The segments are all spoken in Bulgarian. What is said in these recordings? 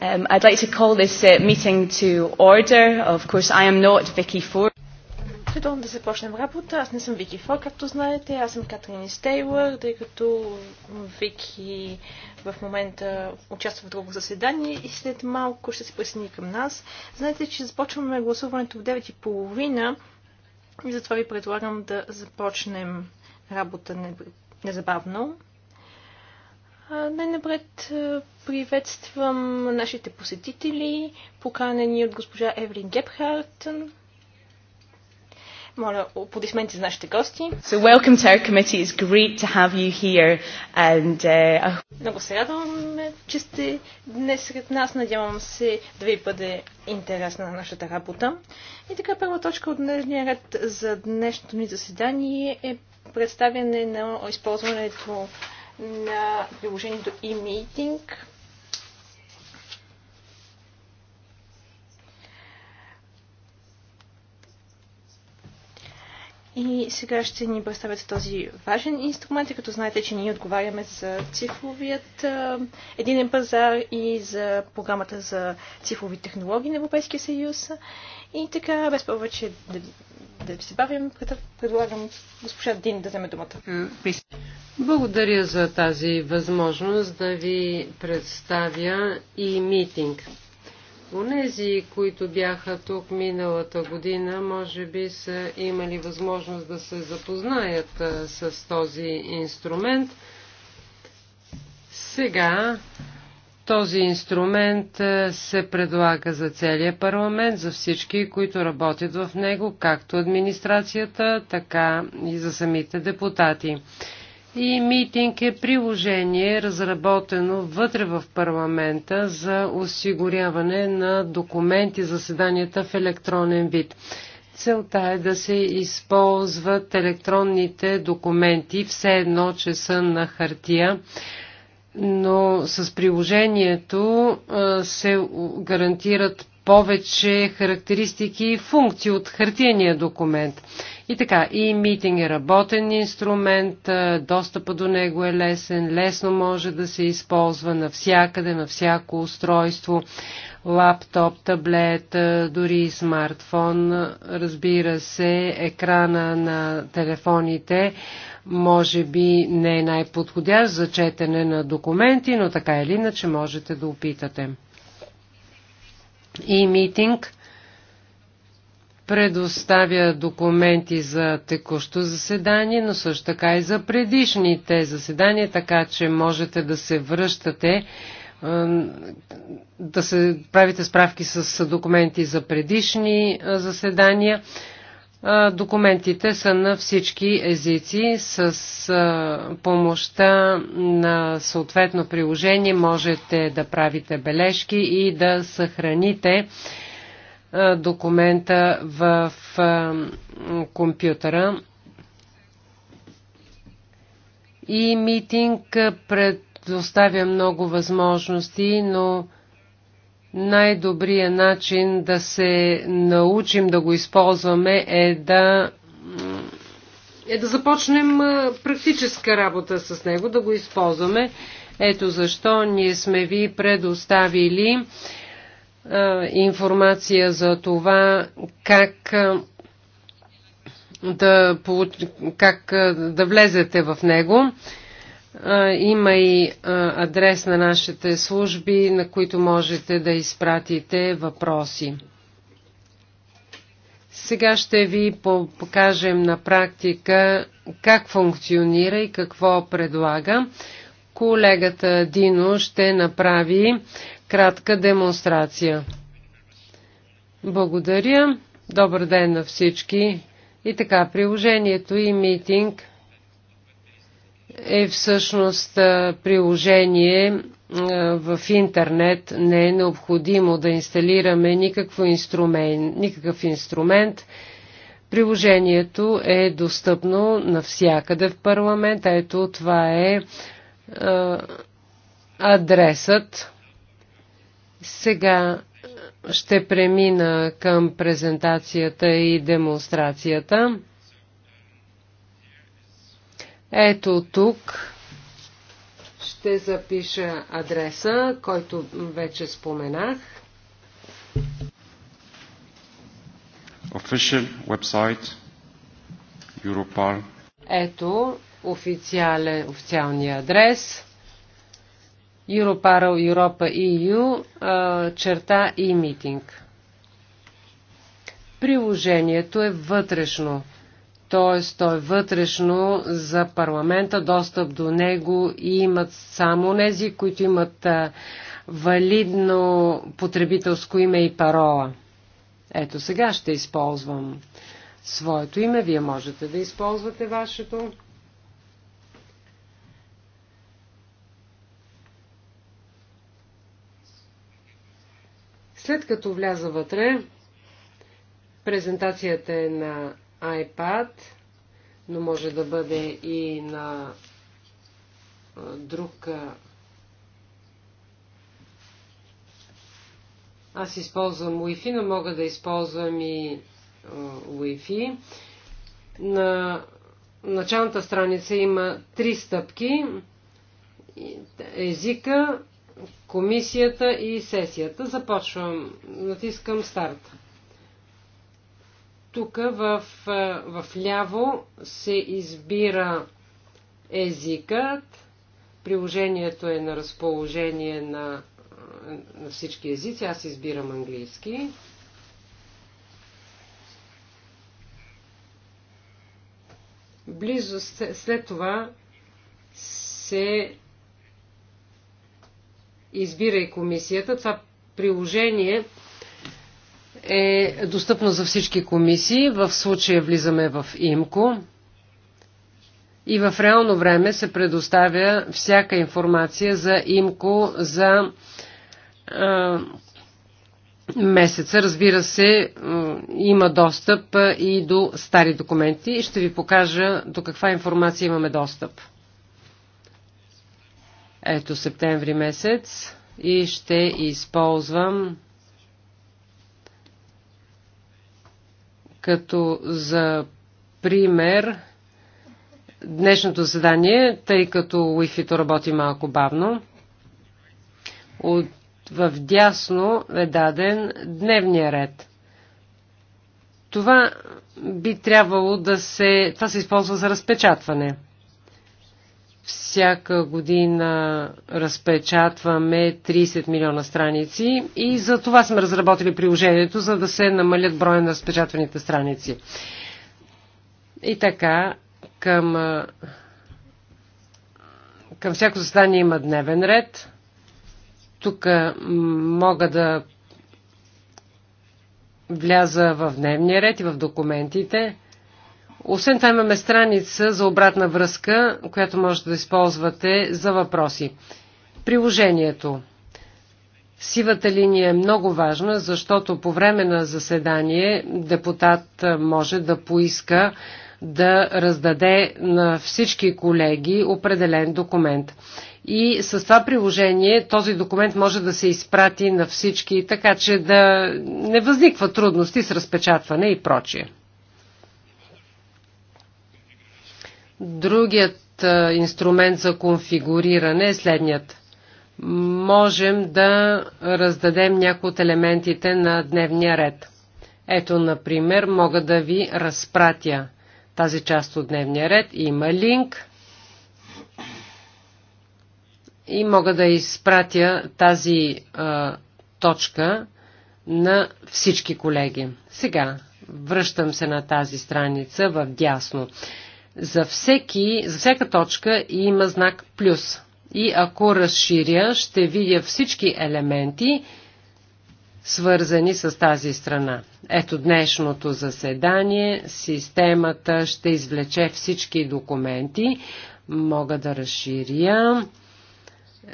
Um, I'd like to call this uh, meeting to order. Of course, I am not Vicky Ford. Предлагам да започнем работа. Аз не съм Вики Фо, както знаете. Аз съм Катрин Стейлър, тъй като Вики в момента участва в друго заседание и след малко ще се присъедини към нас. Знаете, че започваме гласуването в 9.30 и затова ви предлагам да започнем работа незабавно. Най-напред приветствам нашите посетители, поканени от госпожа Евлин Гепхарт. Моля, аплодисменти за нашите гости. So welcome to our committee. It's great to have you here. And, uh... Много се радваме, че сте днес сред нас. Надявам се да ви бъде интересна на нашата работа. И така, първа точка от днешния ред за днешното ни заседание е представяне на използването на приложението e-meeting. И сега ще ни представят този важен инструмент, като знаете, че ние отговаряме за цифровият единен пазар и за програмата за цифрови технологии на Европейския съюз. И така, без повече да се бавим, предлагам госпожа Дин да вземе думата. Благодаря за тази възможност да ви представя и митинг. Онези, които бяха тук миналата година, може би са имали възможност да се запознаят с този инструмент. Сега този инструмент е, се предлага за целия парламент, за всички, които работят в него, както администрацията, така и за самите депутати. И митинг е приложение, разработено вътре в парламента за осигуряване на документи заседанията в електронен вид. Целта е да се използват електронните документи, все едно, че са на хартия, но с приложението се гарантират повече характеристики и функции от хартияния документ. И така, и митинг е работен инструмент, достъпа до него е лесен, лесно може да се използва навсякъде, на всяко устройство, лаптоп, таблет, дори смартфон, разбира се, екрана на телефоните може би не е най-подходящ за четене на документи, но така или иначе можете да опитате. И e митинг предоставя документи за текущо заседание, но също така и за предишните заседания, така че можете да се връщате да се правите справки с документи за предишни заседания. Документите са на всички езици. С помощта на съответно приложение можете да правите бележки и да съхраните документа в компютъра. И митинг предоставя много възможности, но най-добрият начин да се научим да го използваме е да е да започнем практическа работа с него, да го използваме. Ето защо ние сме ви предоставили информация за това как да, как да влезете в него. Има и адрес на нашите служби, на които можете да изпратите въпроси. Сега ще ви покажем на практика как функционира и какво предлага. Колегата Дино ще направи кратка демонстрация. Благодаря. Добър ден на всички. И така, приложението и митинг – е всъщност приложение в интернет. Не е необходимо да инсталираме никакво инструмент, никакъв инструмент. Приложението е достъпно навсякъде в парламент. Ето това е адресът. Сега ще премина към презентацията и демонстрацията. Ето тук ще запиша адреса, който вече споменах. Official website Europol. Ето официален, официалния адрес Europarl Europa EU черта и e митинг. Приложението е вътрешно т.е. той е вътрешно за парламента, достъп до него и имат само нези, които имат валидно потребителско име и парола. Ето сега ще използвам своето име, вие можете да използвате вашето. След като вляза вътре, презентацията е на iPad, но може да бъде и на друг. Аз използвам Wi-Fi, но мога да използвам и Wi-Fi. На началната страница има три стъпки. Езика, комисията и сесията. Започвам. Натискам старта. Тук в, е, в ляво се избира езикът. Приложението е на разположение на, е, на всички езици. Аз избирам английски. Близо след това се избира и комисията. Това приложение е достъпно за всички комисии. В случая влизаме в ИМКО и в реално време се предоставя всяка информация за имко за а, месеца. Разбира се, има достъп и до стари документи. Ще ви покажа до каква информация имаме достъп. Ето септември месец и ще използвам като за пример днешното задание, тъй като Wi-Fi работи малко бавно. От, в дясно е даден дневния ред. Това би трябвало да се... Това се използва за разпечатване – всяка година разпечатваме 30 милиона страници и за това сме разработили приложението, за да се намалят броя на разпечатваните страници. И така, към, към всяко заседание има дневен ред. Тук мога да вляза в дневния ред и в документите. Освен това имаме страница за обратна връзка, която можете да използвате за въпроси. Приложението. Сивата линия е много важна, защото по време на заседание депутат може да поиска да раздаде на всички колеги определен документ. И с това приложение този документ може да се изпрати на всички, така че да не възниква трудности с разпечатване и прочие. Другият инструмент за конфигуриране е следният. Можем да раздадем някои от елементите на дневния ред. Ето, например, мога да ви разпратя тази част от дневния ред. Има линк и мога да изпратя тази а, точка на всички колеги. Сега връщам се на тази страница в дясно. За, всеки, за всяка точка има знак плюс. И ако разширя, ще видя всички елементи, свързани с тази страна. Ето днешното заседание, системата ще извлече всички документи, мога да разширя.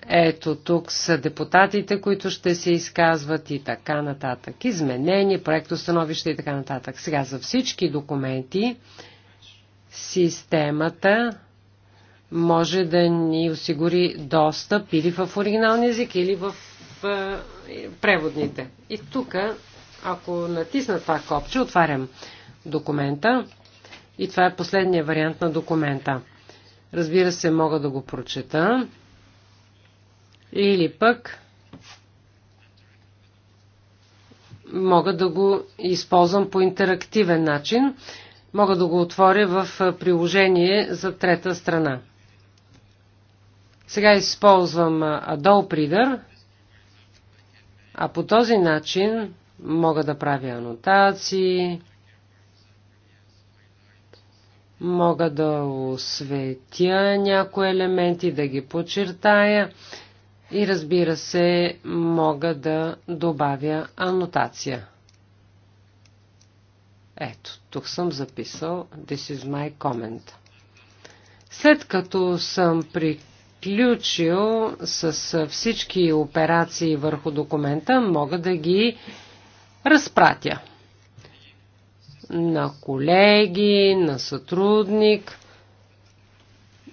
Ето тук са депутатите, които ще се изказват и така нататък. Изменение, проектостановище и така нататък. Сега за всички документи, Системата може да ни осигури достъп или в оригиналния език, или в преводните. И тук, ако натисна това копче, отварям документа и това е последния вариант на документа. Разбира се, мога да го прочета или пък мога да го използвам по интерактивен начин. Мога да го отворя в приложение за трета страна. Сега използвам Adol Reader, а по този начин мога да правя анотации, мога да осветя някои елементи, да ги подчертая и разбира се, мога да добавя анотация. Ето, тук съм записал This is my comment. След като съм приключил с всички операции върху документа, мога да ги разпратя на колеги, на сътрудник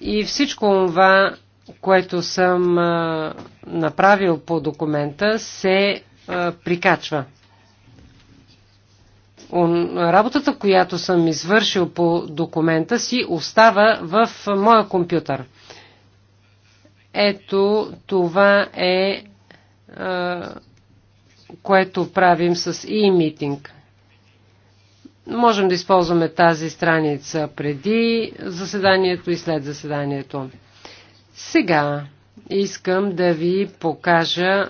и всичко това, което съм направил по документа, се прикачва работата, която съм извършил по документа си, остава в моя компютър. Ето това е, което правим с e-meeting. Можем да използваме тази страница преди заседанието и след заседанието. Сега искам да ви покажа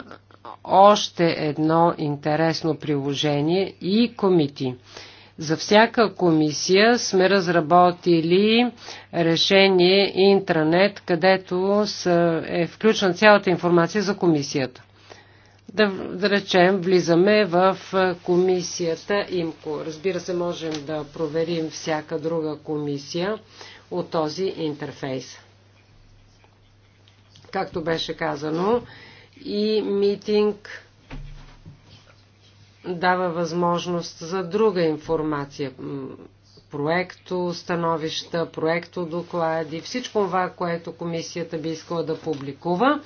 още едно интересно приложение и комити. За всяка комисия сме разработили решение интранет, където е включена цялата информация за комисията. Да, да речем, влизаме в комисията ИМКО. Разбира се, можем да проверим всяка друга комисия от този интерфейс. Както беше казано, и митинг дава възможност за друга информация. Проекто, становища, проекто, доклади, всичко това, което комисията би искала да публикува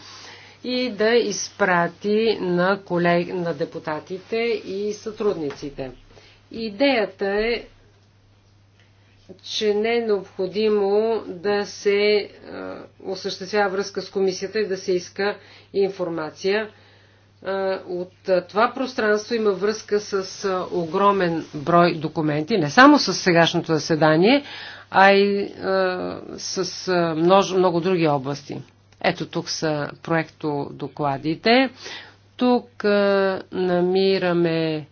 и да изпрати на, колег... на депутатите и сътрудниците. Идеята е че не е необходимо да се осъществява връзка с комисията и да се иска информация. От това пространство има връзка с огромен брой документи, не само с сегашното заседание, а и с множ, много други области. Ето тук са проекто докладите. Тук намираме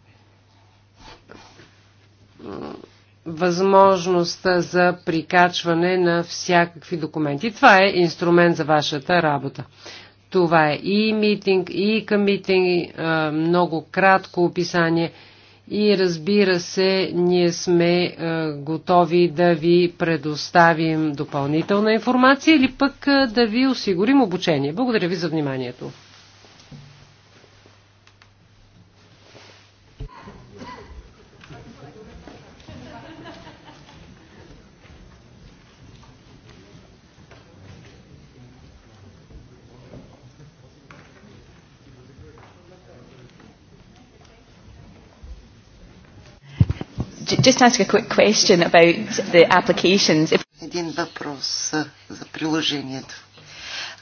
възможността за прикачване на всякакви документи. Това е инструмент за вашата работа. Това е и митинг, и към митинг, много кратко описание и разбира се, ние сме готови да ви предоставим допълнителна информация или пък да ви осигурим обучение. Благодаря ви за вниманието. just ask a quick question about the applications. If... Един въпрос за приложението.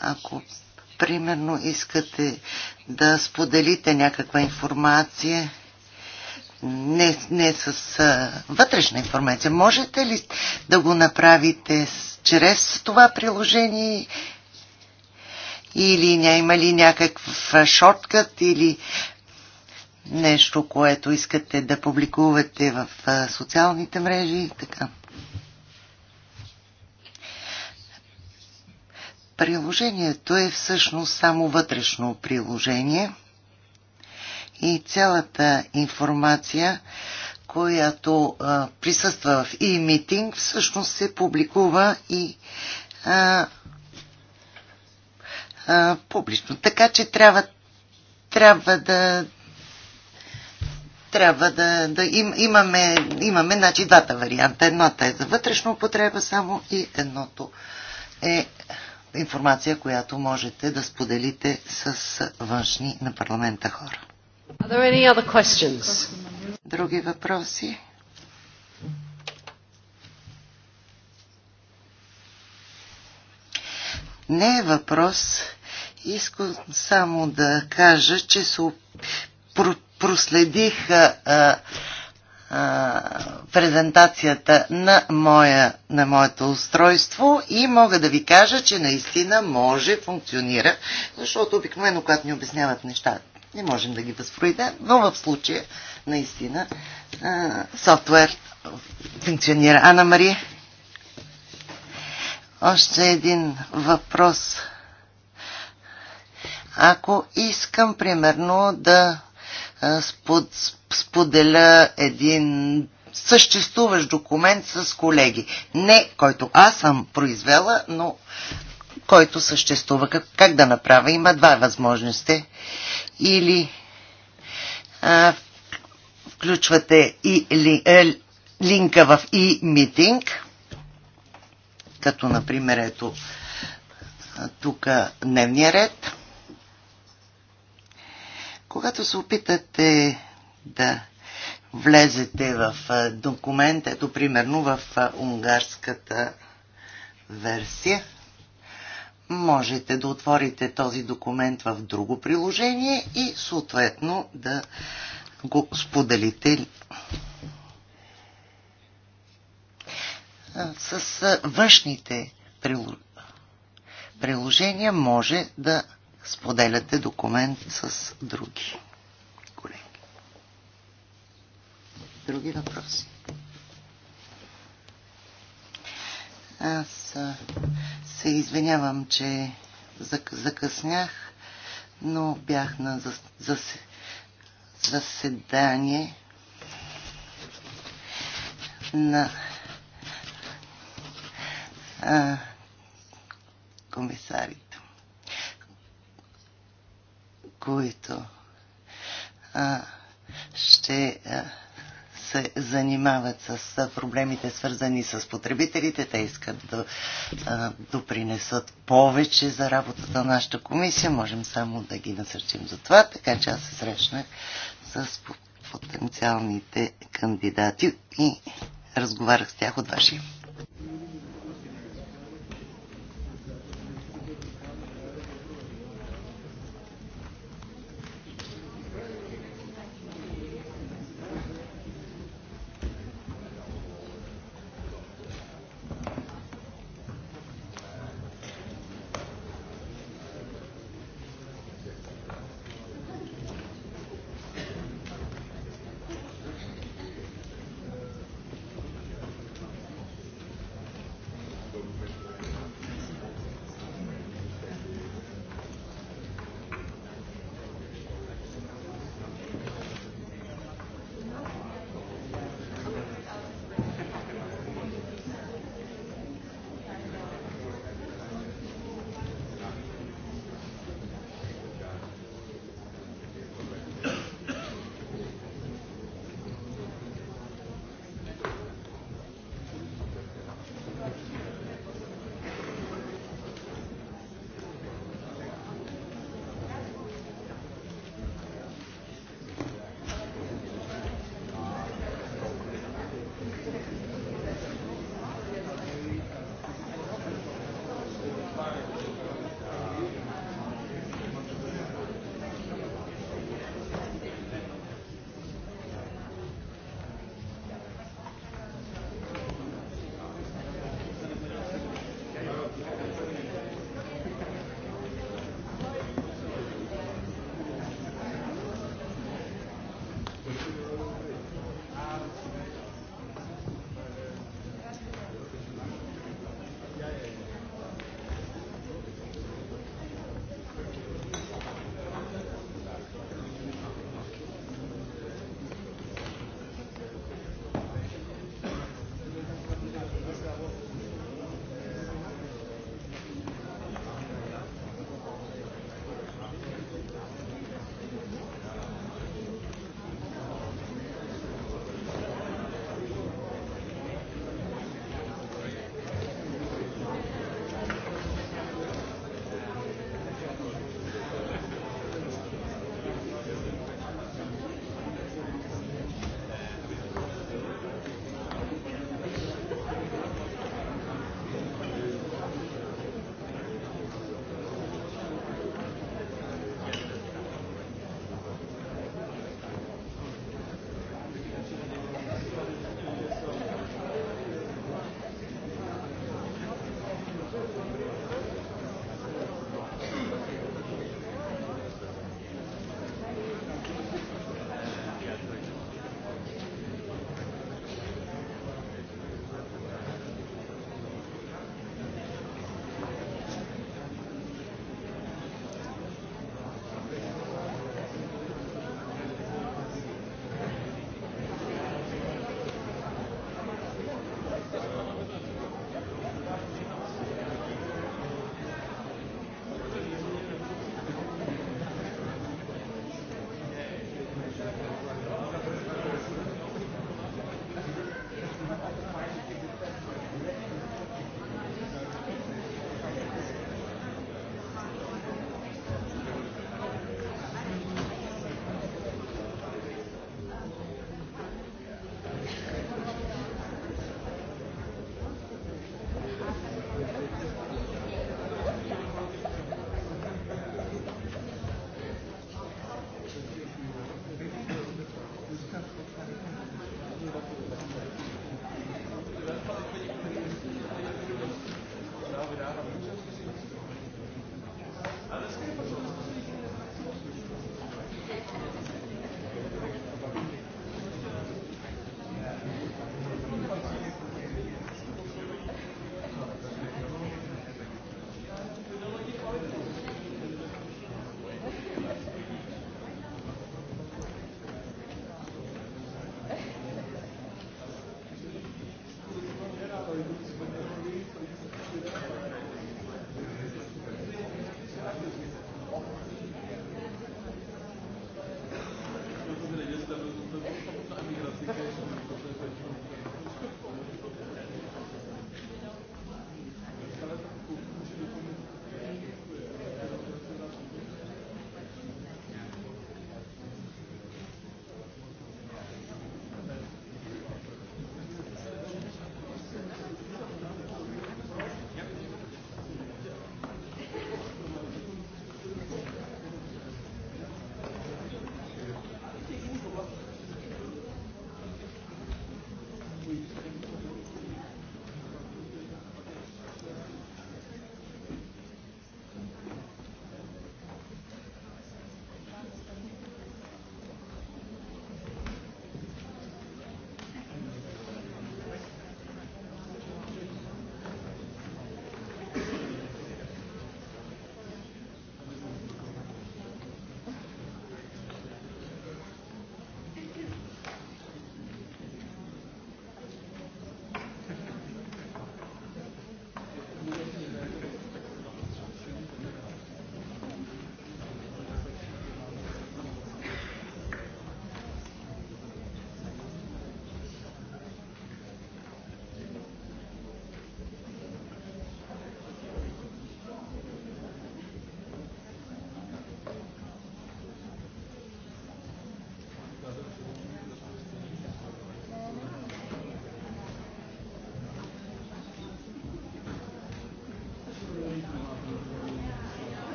Ако примерно искате да споделите някаква информация, не, не с а, вътрешна информация, можете ли да го направите с, чрез това приложение или ня, има ли някакъв шорткът или нещо, което искате да публикувате в социалните мрежи и така. Приложението е всъщност само вътрешно приложение и цялата информация, която а, присъства в e-meeting, всъщност се публикува и а, а, публично. Така че трябва, трябва да, трябва да, да им, имаме, имаме значи, двата варианта. Едната е за вътрешна употреба само и едното е информация, която можете да споделите с външни на парламента хора. Други въпроси? Не е въпрос. Искам само да кажа, че се проследих а, а, презентацията на, моя, на моето устройство и мога да ви кажа, че наистина може, функционира, защото обикновено, когато ни обясняват неща, не можем да ги възпроидем, но в случая наистина а, софтуер функционира. Ана Мария? Още един въпрос. Ако искам, примерно, да спод, споделя един съществуващ документ с колеги. Не който аз съм произвела, но който съществува. Как, как да направя? Има два възможности. Или а, включвате и ли, е, линка в e-meeting, като например ето тук дневния ред. Когато се опитате да влезете в документ, ето примерно в унгарската версия, можете да отворите този документ в друго приложение и съответно да го споделите с външните приложения може да споделяте документ с други колеги. Други въпроси? Аз се извинявам, че закъснях, но бях на заседание на комисарите които а, ще а, се занимават с проблемите, свързани с потребителите. Те искат да допринесат допринесат повече за работата на нашата комисия. Можем само да ги насърчим за това. Така че аз се срещнах с потенциалните кандидати и разговарях с тях от ваши.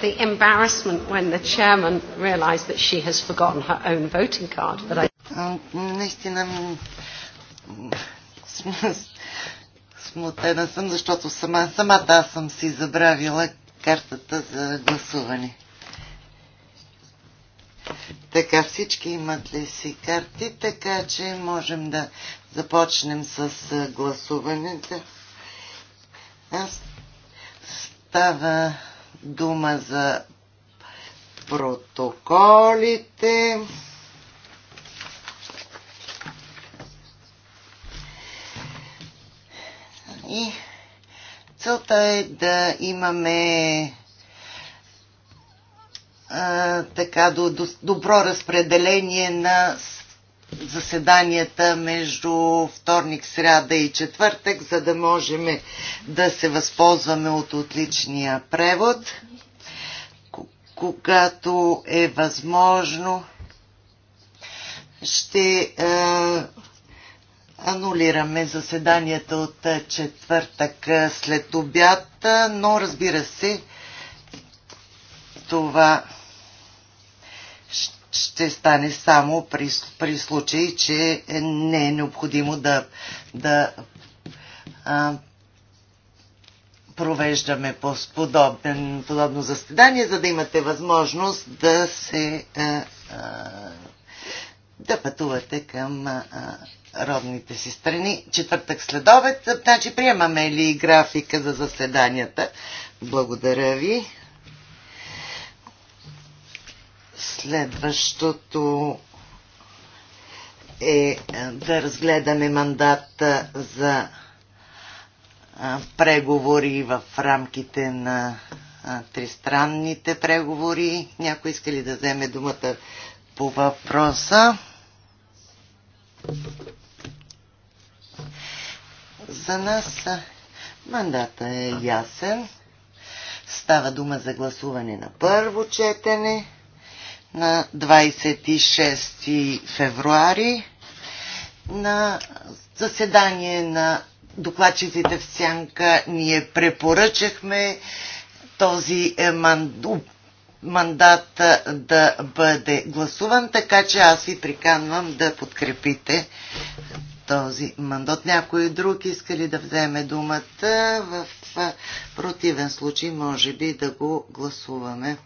the embarrassment when the chairman realized that she has forgotten her own voting card. that I... Наистина смутена съм, защото сама, самата аз съм си забравила картата за гласуване. Така всички имат ли си карти, така че можем да започнем с гласуването. Аз става дума за протоколите. И целта е да имаме а, така до, до, добро разпределение на заседанията между вторник, сряда и четвъртък, за да можем да се възползваме от отличния превод, когато е възможно. Ще е, анулираме заседанията от е, четвъртък е, след обяд, но разбира се, това ще стане само при, при случай, че не е необходимо да, да а, провеждаме по подобен, подобно заседание, за да имате възможност да се а, а, да пътувате към а, родните си страни. Четвъртък следовец, значи приемаме ли графика за заседанията? Благодаря ви. Следващото е, е да разгледаме мандата за преговори в рамките на тристранните преговори. Някой иска ли да вземе думата по въпроса? За нас мандата е ясен. Става дума за гласуване на първо четене на 26 февруари на заседание на докладчиците в Сянка ние препоръчахме този е, мандат е, да бъде гласуван, така че аз ви приканвам да подкрепите този мандат. Някой друг иска ли да вземе думата? В е, противен случай може би да го гласуваме.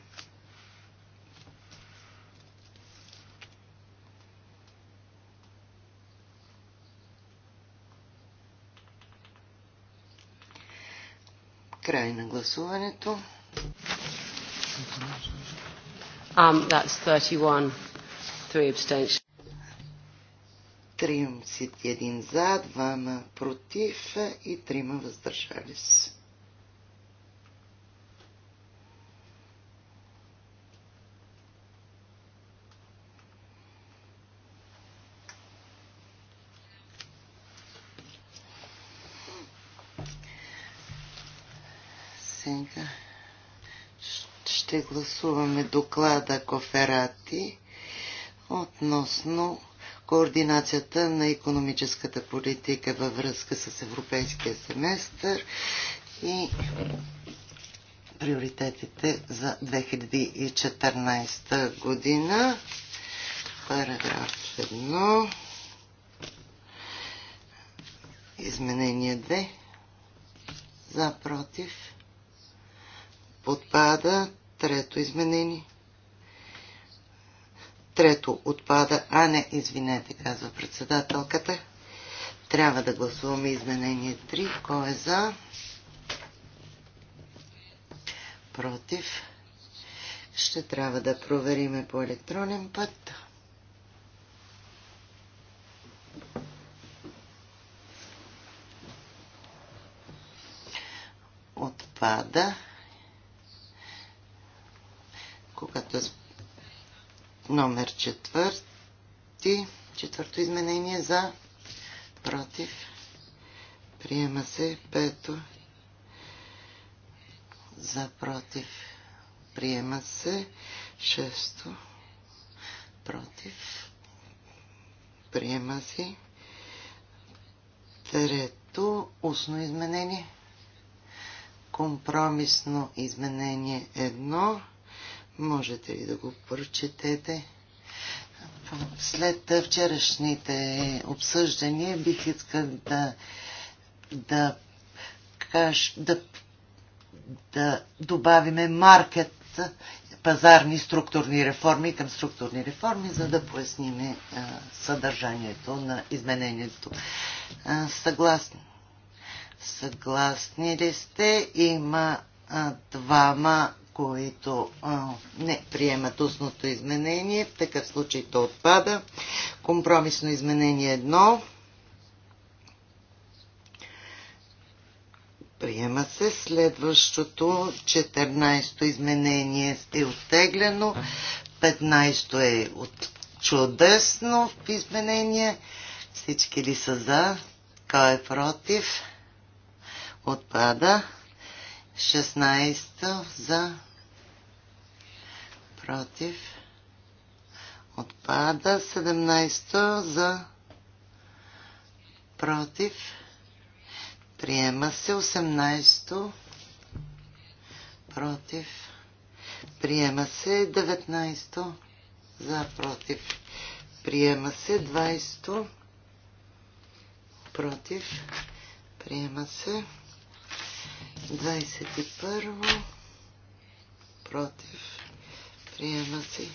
Край на гласуването. Um, that's 31. Three abstentions. 31 за, 2 против и 3 въздържали се. оценка. Ще гласуваме доклада Коферати относно координацията на економическата политика във връзка с европейския семестър и приоритетите за 2014 година. Параграф 1. Изменение 2. За, против отпада. Трето изменение. Трето отпада. А не, извинете, казва председателката. Трябва да гласуваме изменение 3. Кой е за? Против. Ще трябва да провериме по електронен път. Отпада. Номер четвърти. Четвърто изменение за. Против. Приема се. Пето. За. Против. Приема се. Шесто. Против. Приема си, Трето. Устно изменение. Компромисно изменение едно Можете ли да го прочетете? След вчерашните обсъждания бих искал да, да, каш, да, да добавиме маркет, пазарни структурни реформи към структурни реформи, за да поясним съдържанието на изменението. Съгласни. Съгласни ли сте? Има двама които а, не приемат устното изменение. В такъв случай то отпада. Компромисно изменение 1. Приема се. Следващото 14-то изменение е оттеглено. 15-то е от чудесно в изменение. Всички ли са за? Кой е против? Отпада. 16 за против отпада 17 за против приема се 18 против приема се 19 за против приема се 20 против приема се 21 против приема се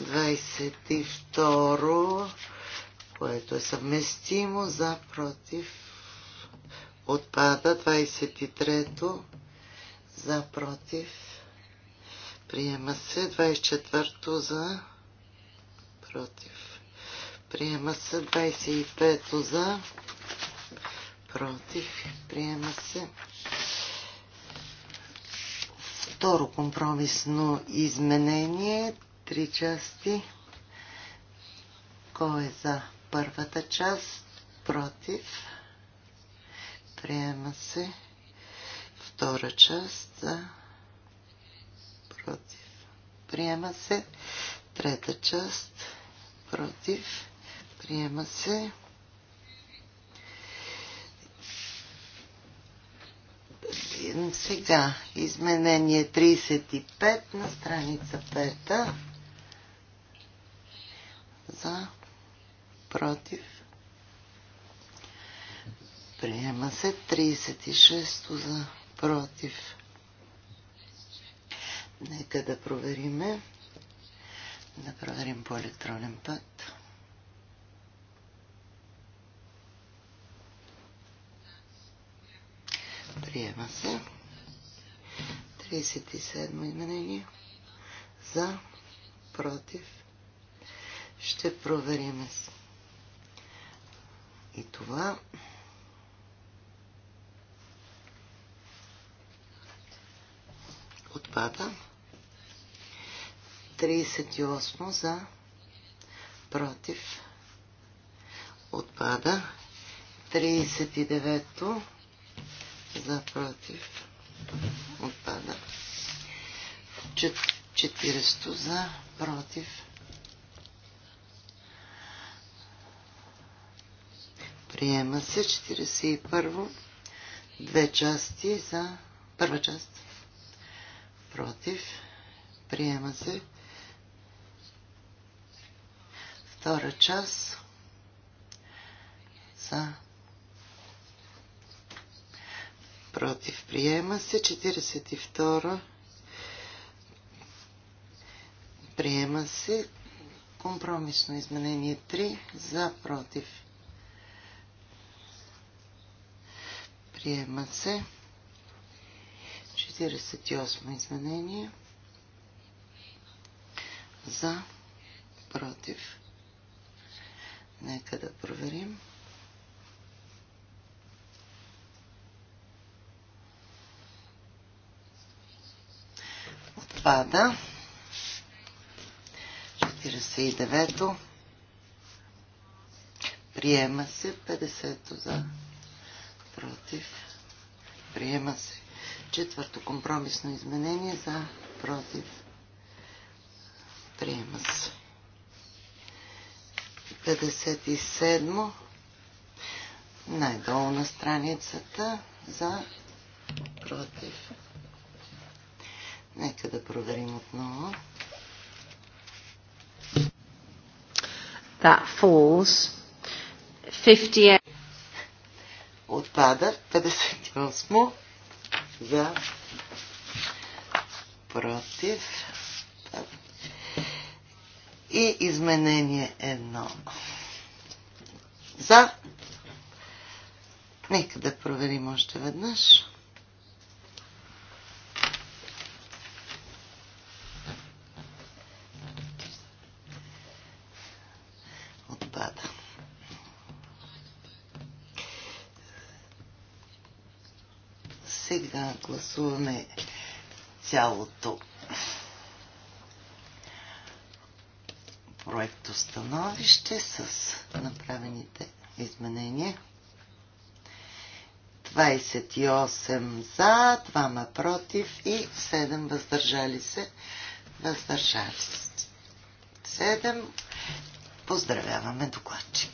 22 което е съвместимо за против отпада 23 за против приема се 24 за против приема се 25 за против приема се Второ компромисно изменение, три части. Кой е за първата част? Против. Приема се. Втора част за против. Приема се. Трета част против. Приема се. Сега, изменение 35 на страница 5 за против. Приема се 36 за против. Нека да провериме. Да проверим по електронен път. Приема се. 37 изменение. За. Против. Ще проверим. И това. Отпада. 38 за. Против. Отпада. 39 то за против отпада. 400 за против. Приема се 41. Две части за първа част. Против. Приема се. Втора част за против, приема се. 42 приема се. Компромисно изменение 3 за, против, приема се. 48 изменение за, против. Нека да проверим. отпада. 49-то. Приема се 50-то за против. Приема се четвърто компромисно изменение за против. Приема се. 57 най-долу на страницата за против. Нека да проверим отново. That falls. 58. Отпада 58 за против и изменение едно. За. Нека да проверим още веднъж. гласуваме цялото проекто становище с направените изменения. 28 за, 2 против и 7 въздържали се. Въздържали се. 7. Поздравяваме докладчик.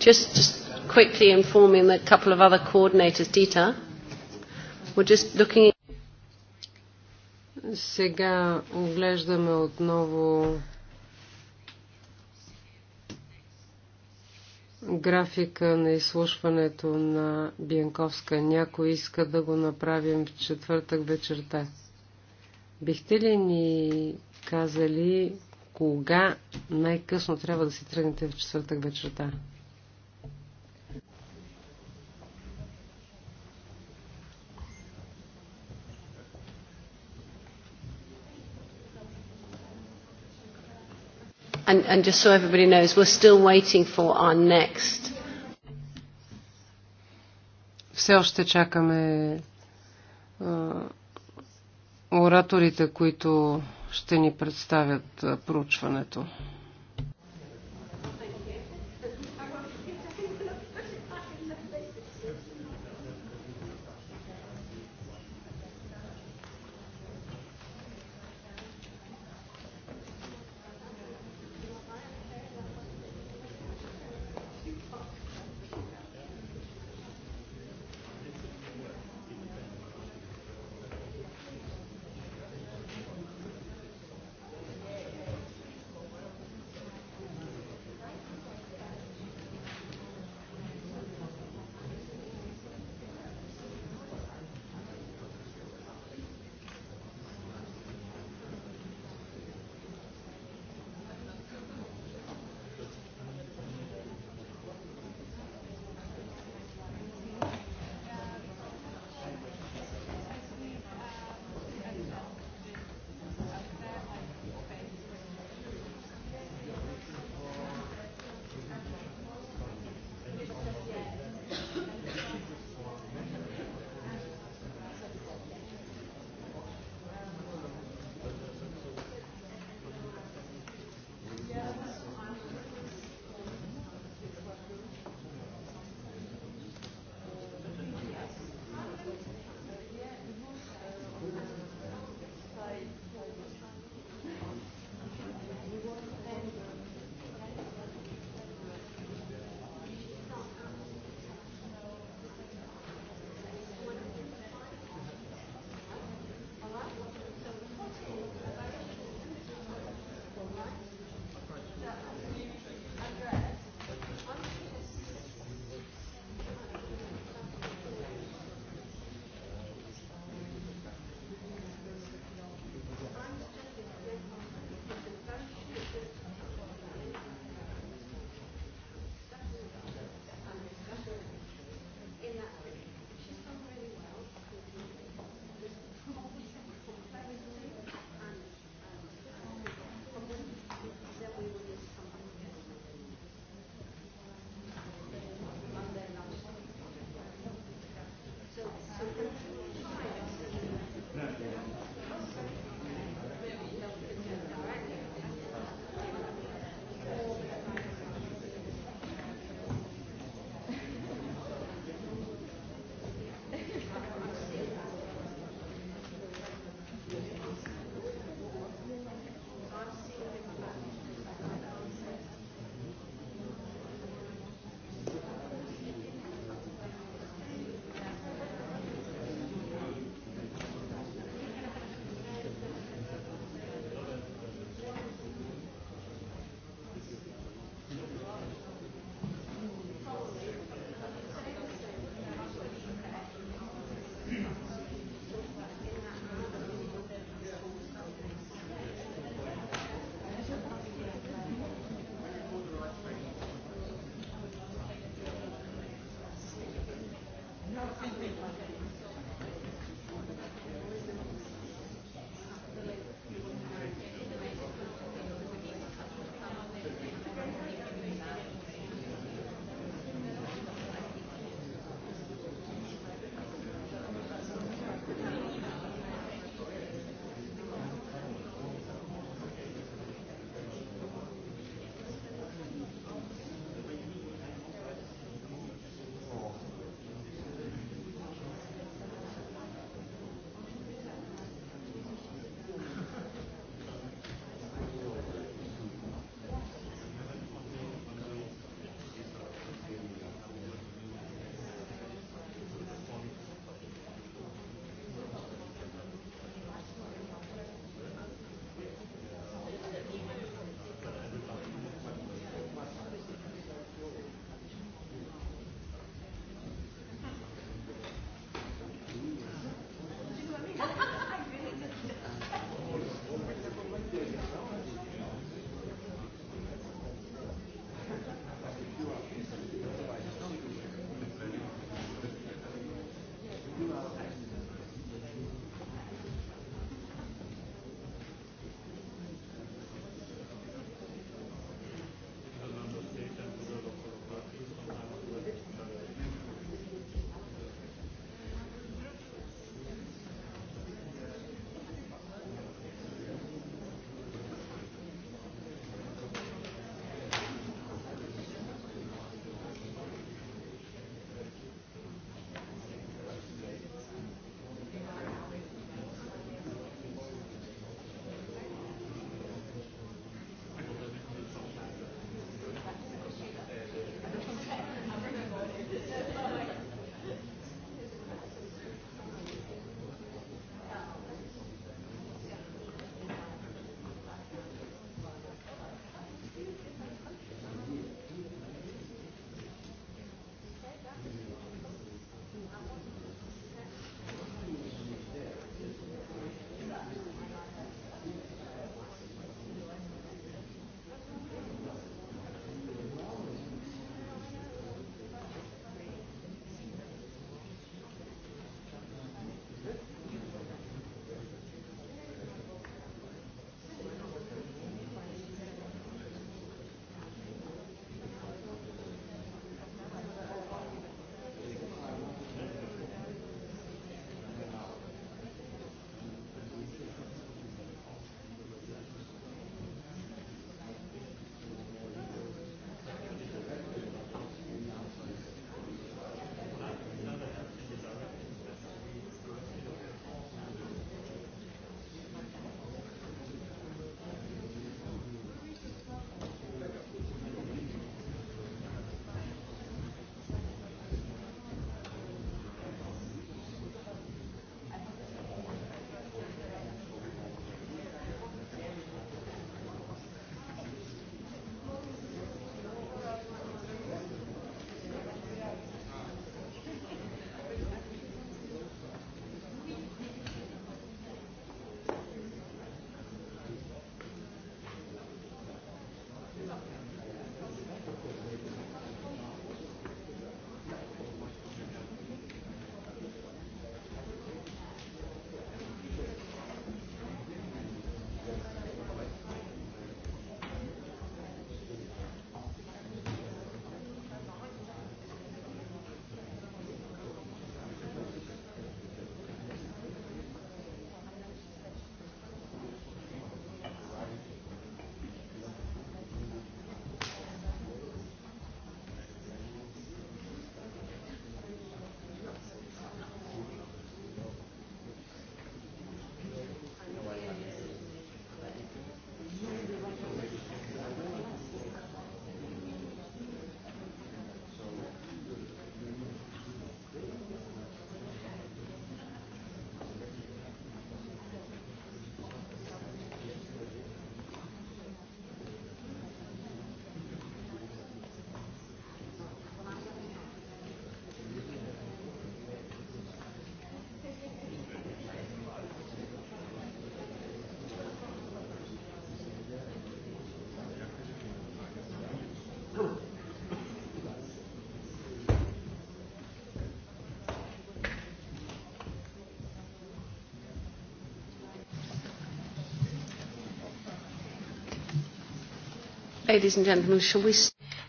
Just, just quickly informing a couple of other coordinators, Dita. We're just looking. Сега оглеждаме отново графика на изслушването на Бянковска. Някой иска да го направим в четвъртък вечерта. Бихте ли ни казали кога най-късно трябва да си тръгнете в четвъртък вечерта? and, and just so everybody knows, we're still waiting for our next. Все още чакаме а, ораторите, които ще ни представят а, проучването.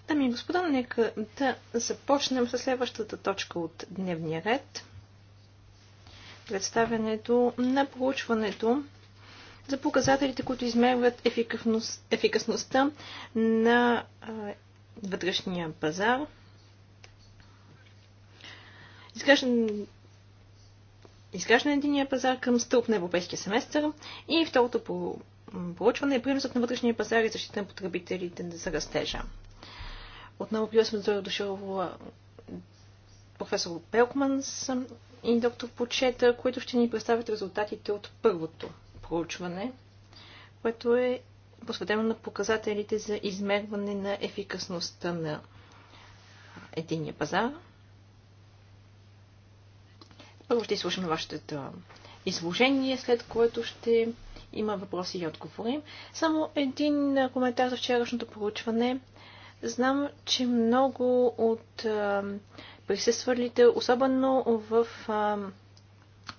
Дами и господа, нека да започнем с следващата точка от дневния ред. Представянето на проучването за показателите, които измерват ефикасност, ефикасността на а, вътрешния пазар. Изграждане изграждане на единия пазар към стълб на европейския семестър и второто по проучване е приносът на вътрешния пазар и защита на потребителите за растежа. Отново приветствам добре дошъл професор Пелкманс и доктор Почета, които ще ни представят резултатите от първото проучване, което е посветено на показателите за измерване на ефикасността на единния пазар. Първо ще изслушаме вашето изложение, след което ще има въпроси и отговори. Само един коментар за вчерашното проучване. Знам, че много от присъствалите, особено в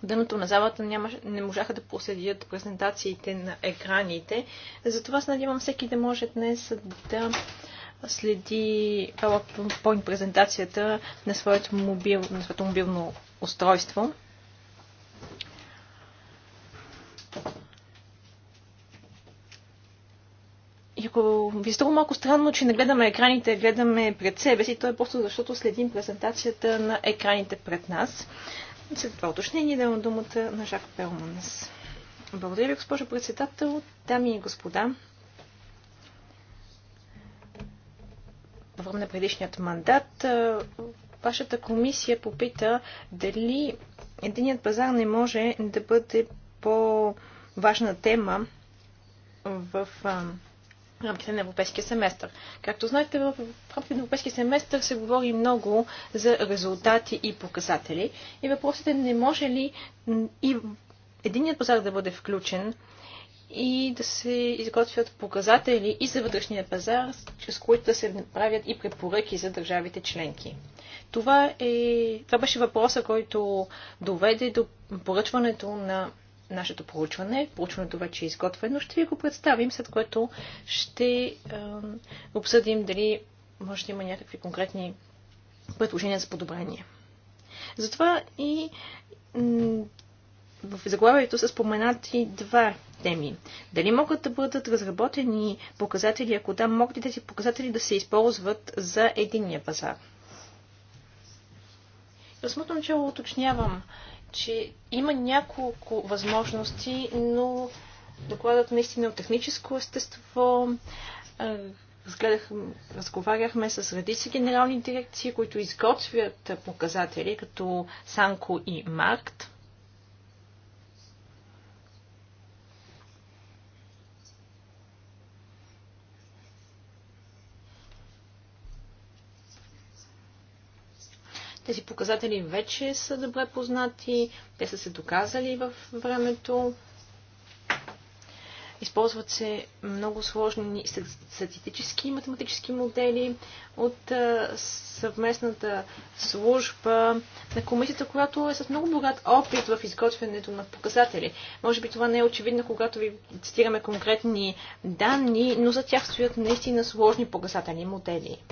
дъното на залата не можаха да проследят презентациите на екраните. Затова се надявам всеки да може днес да следи PowerPoint презентацията на своето, мобил, на своето мобилно устройство. И ако ви струва е малко странно, че не гледаме екраните, гледаме пред себе си, то е просто защото следим презентацията на екраните пред нас. След това уточнение давам думата на Жак Пелманс. Благодаря ви, госпожо председател, дами и господа. По време на предишният мандат вашата комисия попита дали единият пазар не може да бъде по-важна тема в в рамките на европейския семестър. Както знаете, в рамките на европейския семестър се говори много за резултати и показатели. И въпросът е не може ли и единият пазар да бъде включен и да се изготвят показатели и за вътрешния пазар, чрез които да се правят и препоръки за държавите членки. Това, е, това беше въпроса, който доведе до поръчването на нашето проучване. Проучването вече е изготвено. Ще ви го представим, след което ще обсъдим дали може да има някакви конкретни предложения за подобрение. Затова и в заглавието са споменати два теми. Дали могат да бъдат разработени показатели, ако да, могат ли тези показатели да се използват за единния пазар? Възможно че начало уточнявам че има няколко възможности, но докладът наистина е от техническо естество. разговаряхме с редици генерални дирекции, които изготвят показатели, като Санко и Маркт. Тези показатели вече са добре познати, те са се доказали в времето. Използват се много сложни статистически и математически модели от съвместната служба на комисията, която е с много богат опит в изготвянето на показатели. Може би това не е очевидно, когато ви цитираме конкретни данни, но за тях стоят наистина сложни показатели модели.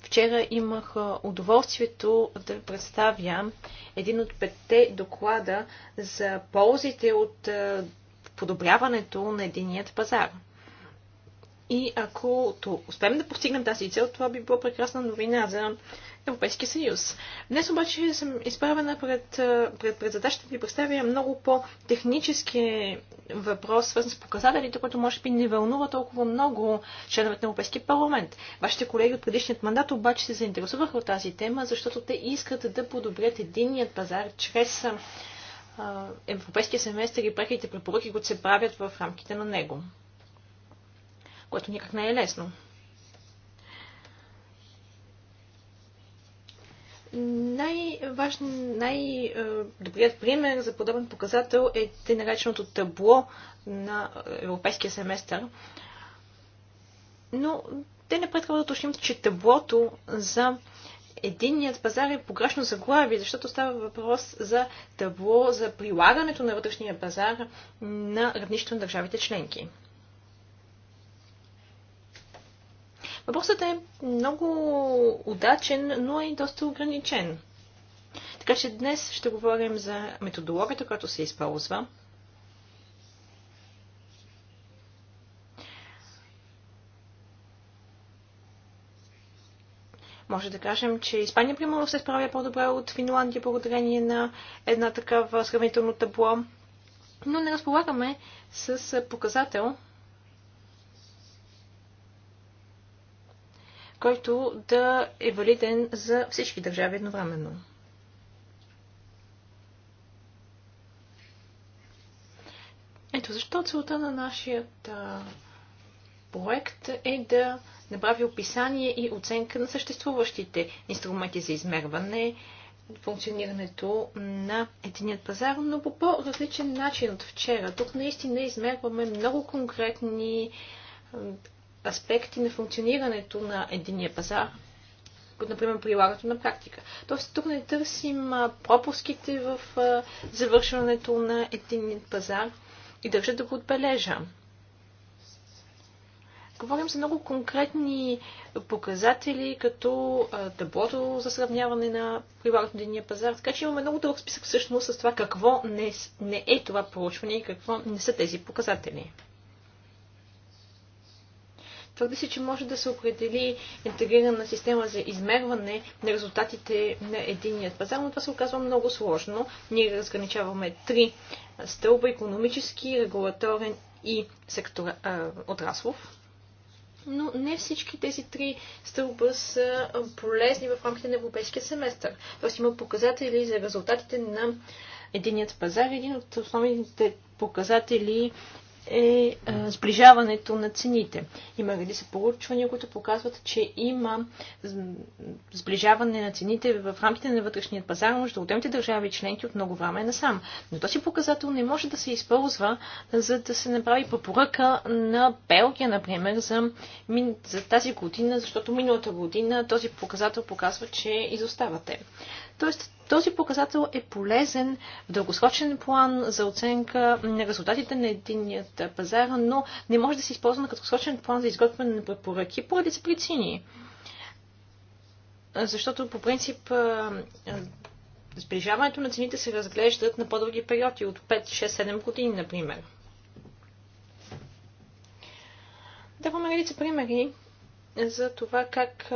Вчера имах удоволствието да ви представя един от петте доклада за ползите от подобряването на единият пазар. И ако успеем да постигнем тази цел, това би било прекрасна новина за Европейския съюз. Днес обаче съм изправена пред, пред, пред задачата да ви представя много по-технически въпрос, свързан с показателите, който може би не вълнува толкова много членовете на Европейския парламент. Вашите колеги от предишният мандат обаче се заинтересуваха от тази тема, защото те искат да подобрят единният пазар чрез европейския семестър и преките препоръки, които се правят в рамките на него. Което никак не е лесно. Най-важен, най-добрият пример за подобен показател е те нареченото табло на европейския семестър. Но те не трябва да уточним, че таблото за единният пазар е погрешно заглави, защото става въпрос за табло за прилагането на вътрешния пазар на равнището на държавите членки. Въпросът е много удачен, но е и доста ограничен. Така че днес ще говорим за методологията, която се използва, Може да кажем, че Испания, примерно, се справя по-добре от Финландия благодарение на една такава сравнително табло, но не разполагаме с показател, който да е валиден за всички държави едновременно. Ето защо целта на нашия проект е да направи описание и оценка на съществуващите инструменти за измерване, функционирането на единият пазар, но по по-различен начин от вчера. Тук наистина измерваме много конкретни аспекти на функционирането на единия пазар, като, например, прилагането на практика. Тоест, тук не търсим пропуските в завършването на един пазар и държа да го отбележа. Говорим за много конкретни показатели, като таблото за сравняване на приватно пазар, така че имаме много дълъг списък всъщност с това какво не, не е това проучване и какво не са тези показатели. Твърди се, че може да се определи интегрирана система за измерване на резултатите на единият пазар, но това се оказва много сложно. Ние разграничаваме три стълба економически, регулаторен и сектора, а, отраслов но не всички тези три стълба са полезни в рамките на европейския семестър. Тоест има показатели за резултатите на единият пазар. Един от основните показатели е, е сближаването на цените. Има са получвания, които показват, че има сближаване на цените в рамките на вътрешния пазар между отделните държави и членки от много време насам. Но този показател не може да се използва, за да се направи препоръка на Белгия, например, за, за тази година, защото миналата година този показател показва, че изоставате. Тоест, този показател е полезен в дългосрочен план за оценка на резултатите на единният пазар, но не може да се използва на краткосрочен план за изготвяне на препоръки поради са причини. Защото по принцип сближаването на цените се разглеждат на по-дълги периоди от 5, 6, 7 години, например. Даваме редица примери за това как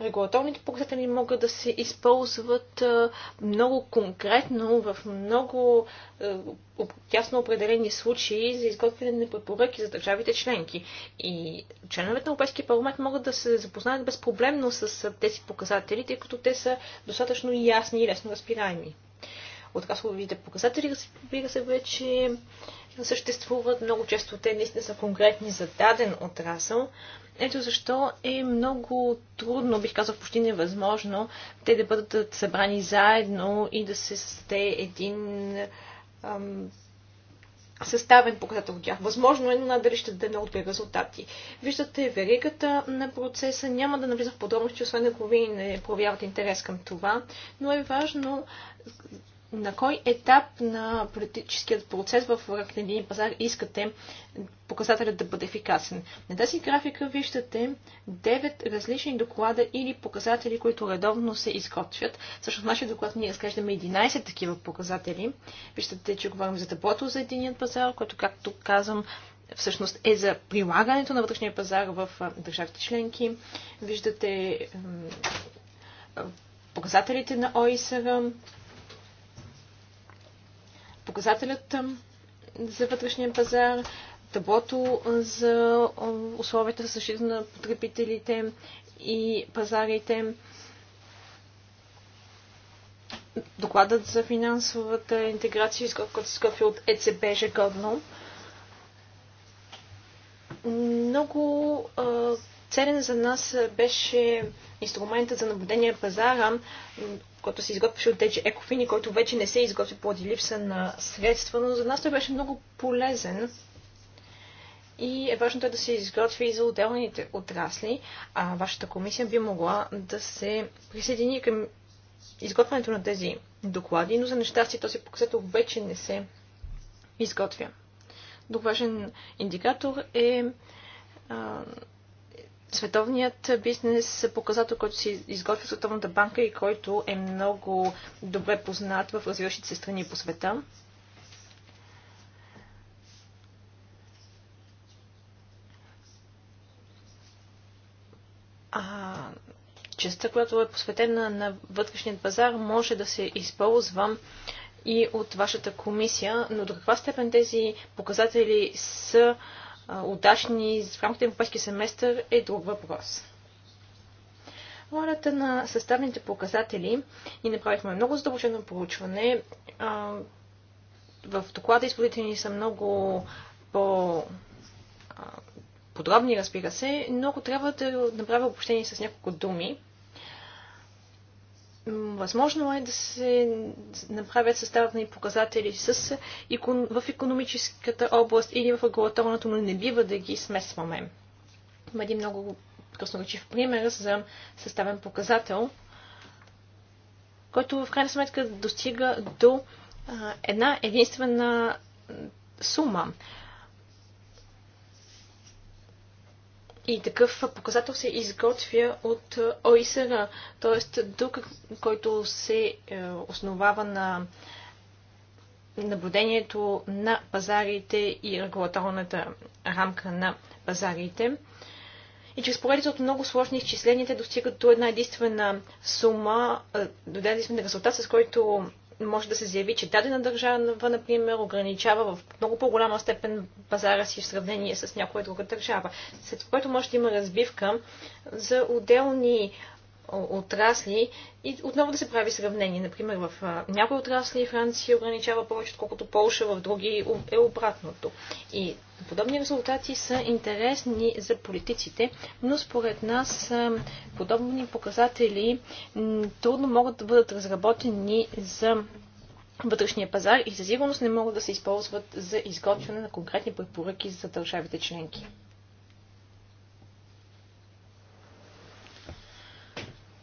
регулаторните показатели могат да се използват много конкретно в много ясно определени случаи за изготвяне на препоръки за държавите членки. И членовете на Европейския парламент могат да се запознаят безпроблемно с тези показатели, тъй като те са достатъчно ясни и лесно разбираеми отрасловите показатели, разбира се, вече съществуват. Много често те наистина са конкретни за даден отрасъл, ето защо е много трудно, бих казал почти невъзможно, те да бъдат събрани заедно и да се сте един ам, съставен показател от тях. Възможно е, но дали ще даде много добри резултати. Виждате веригата на процеса. Няма да навлизам в подробности, освен ако вие не проявявате интерес към това, но е важно на кой етап на политическият процес в един пазар искате показателят да бъде ефикасен. На тази графика виждате 9 различни доклада или показатели, които редовно се изготвят. Също в нашия доклад ние разглеждаме 11 такива показатели. Виждате, че говорим за таблото за единият пазар, който, както казвам, всъщност е за прилагането на вътрешния пазар в държавите членки. Виждате показателите на ОИСР, показателят за вътрешния пазар, таблото за условията за защита на потребителите и пазарите, докладът за финансовата интеграция, изготвят с кофе от ЕЦБ ежегодно. Много целен за нас беше инструмента за наблюдение на пазара, който се изготвяше от Деджи Екофин и който вече не се изготвя поради липса на средства, но за нас той беше много полезен и е важно той да се изготви и за отделните отрасли, а вашата комисия би могла да се присъедини към изготвянето на тези доклади, но за нещастие този показател вече не се изготвя. Друг важен индикатор е световният бизнес е показател, който се изготвя Световната банка и който е много добре познат в развиващите се страни по света. А, частта, която е посветена на вътрешният пазар, може да се използва и от вашата комисия, но до каква степен тези показатели са а, удачни в рамките на европейския семестър е друг въпрос. Ролята на съставните показатели и направихме много задължено проучване. В доклада изподите ни са много по подробни, разбира се, но ако трябва да направя обобщение с няколко думи, Възможно е да се направят съставни показатели с, в економическата област или в регулаторната, но не бива да ги смесваме. Има един много красноречив пример за съставен показател, който в крайна сметка достига до една единствена сума. И такъв показател се изготвя от е, ОИСР, т.е. друг, който се е, основава на наблюдението на пазарите и регулаторната рамка на пазарите. И чрез поредица от много сложни изчисления те достигат до една единствена сума, е, до една единствена резултат, с който може да се заяви, че дадена държава, например, ограничава в много по-голяма степен пазара си в сравнение с някоя друга държава. След което може да има разбивка за отделни отрасли и отново да се прави сравнение. Например, в някои отрасли Франция ограничава повече, отколкото Полша, в други е обратното. И подобни резултати са интересни за политиците, но според нас подобни показатели трудно могат да бъдат разработени за вътрешния пазар и със сигурност не могат да се използват за изготвяне на конкретни препоръки за държавите членки.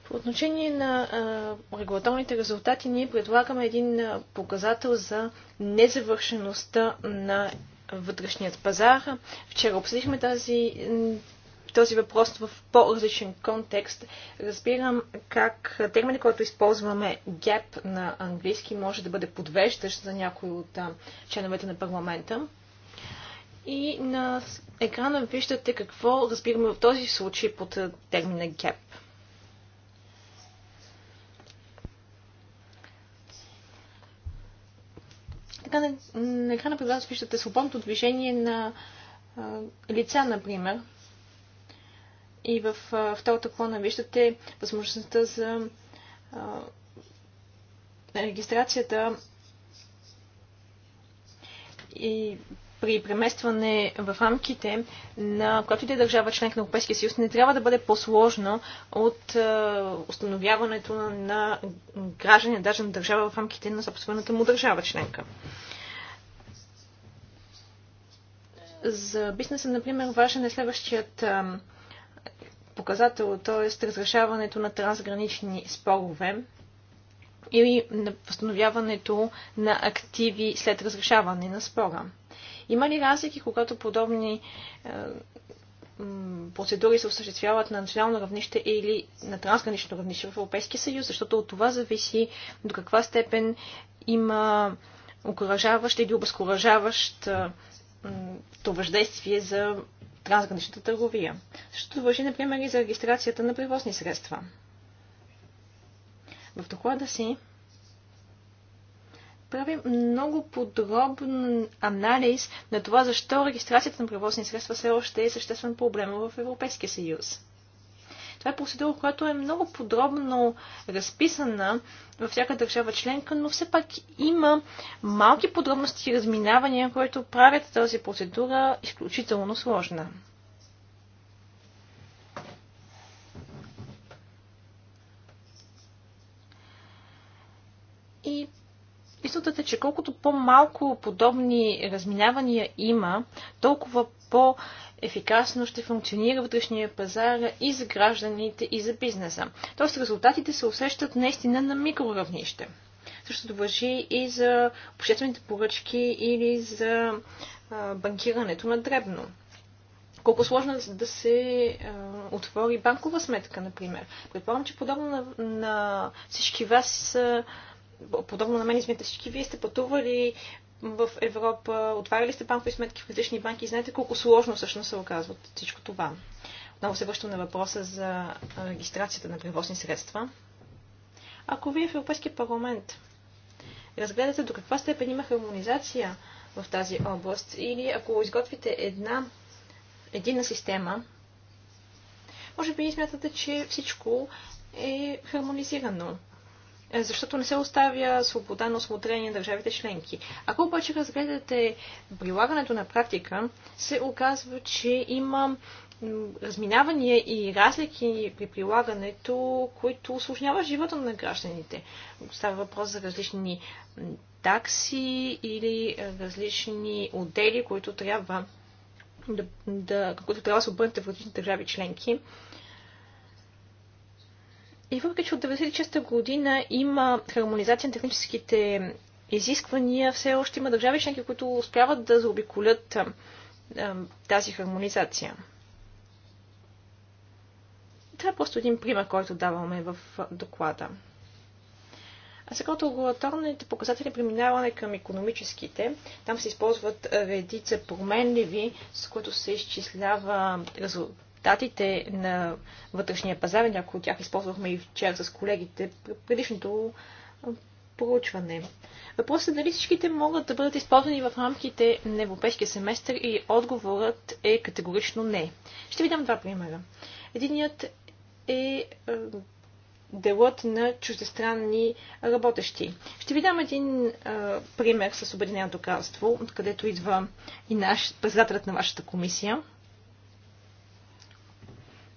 По отношение на а, регулаторните резултати, ние предлагаме един показател за незавършеността на вътрешният пазар. Вчера обсъдихме тази, този въпрос в по-различен контекст. Разбирам как терминът, който използваме gap на английски, може да бъде подвеждащ за някои от а, членовете на парламента. И на екрана виждате какво разбираме в този случай под термина gap. Така на, екрана при вас виждате свободното движение на а, лица, например. И в а, втората клона, виждате възможността за а, регистрацията и при преместване в рамките на която и да е държава членка на Европейския съюз не трябва да бъде по-сложно от е, установяването на граждани даже на държава в рамките на собствената му държава членка. За бизнеса, например, важен е следващият е, показател, т.е. разрешаването на трансгранични спорове или на възстановяването на активи след разрешаване на спора. Има ли разлики, когато подобни е, процедури се осъществяват на национално равнище или на трансгранично равнище в Европейския съюз, защото от това зависи до каква степен има окоръжаващ или обезкоръжаващ то е, въздействие за трансграничната търговия. Същото въжи, например, и за регистрацията на превозни средства. В доклада си правим много подробен анализ на това, защо регистрацията на превозни средства все още е съществен проблем в Европейския съюз. Това е процедура, която е много подробно разписана във всяка държава членка, но все пак има малки подробности и разминавания, които правят тази процедура изключително сложна. И Изводът е, че колкото по-малко подобни разминавания има, толкова по-ефикасно ще функционира вътрешния пазар и за гражданите, и за бизнеса. Тоест резултатите се усещат наистина на микроравнище. Същото въжи и за обществените поръчки или за банкирането на дребно. Колко сложно е да се а, отвори банкова сметка, например. Предполагам, че подобно на, на всички вас а, подобно на мен и всички, вие сте пътували в Европа, отваряли сте банкови сметки в различни банки и знаете колко сложно всъщност се оказват всичко това. Отново се връщам на въпроса за регистрацията на превозни средства. Ако вие в Европейския парламент разгледате до каква степен има хармонизация в тази област или ако изготвите една единна система, може би смятате, че всичко е хармонизирано. Е, защото не се оставя свобода на осмотрение на държавите членки. Ако обаче разгледате прилагането на практика, се оказва, че има разминавания и разлики при прилагането, които осложняват живота на гражданите. Става въпрос за различни такси или е, различни отдели, които трябва да, да, които трябва да се обърнете в различни държави членки. И въпреки, че от 1996 година има хармонизация на техническите изисквания, все още има държави членки, които успяват да заобиколят тази хармонизация. Това е просто един пример, който даваме в доклада. А сега от регулаторните показатели преминаване към економическите. Там се използват редица променливи, с които се изчислява резултат резултатите на вътрешния пазар. Някои от тях използвахме и вчера с колегите при предишното проучване. Въпросът е дали всичките могат да бъдат използвани в рамките на европейския семестър и отговорът е категорично не. Ще ви дам два примера. Единият е делът на чуждестранни работещи. Ще ви дам един а, пример с Обединеното кралство, откъдето идва и наш, председателят на вашата комисия.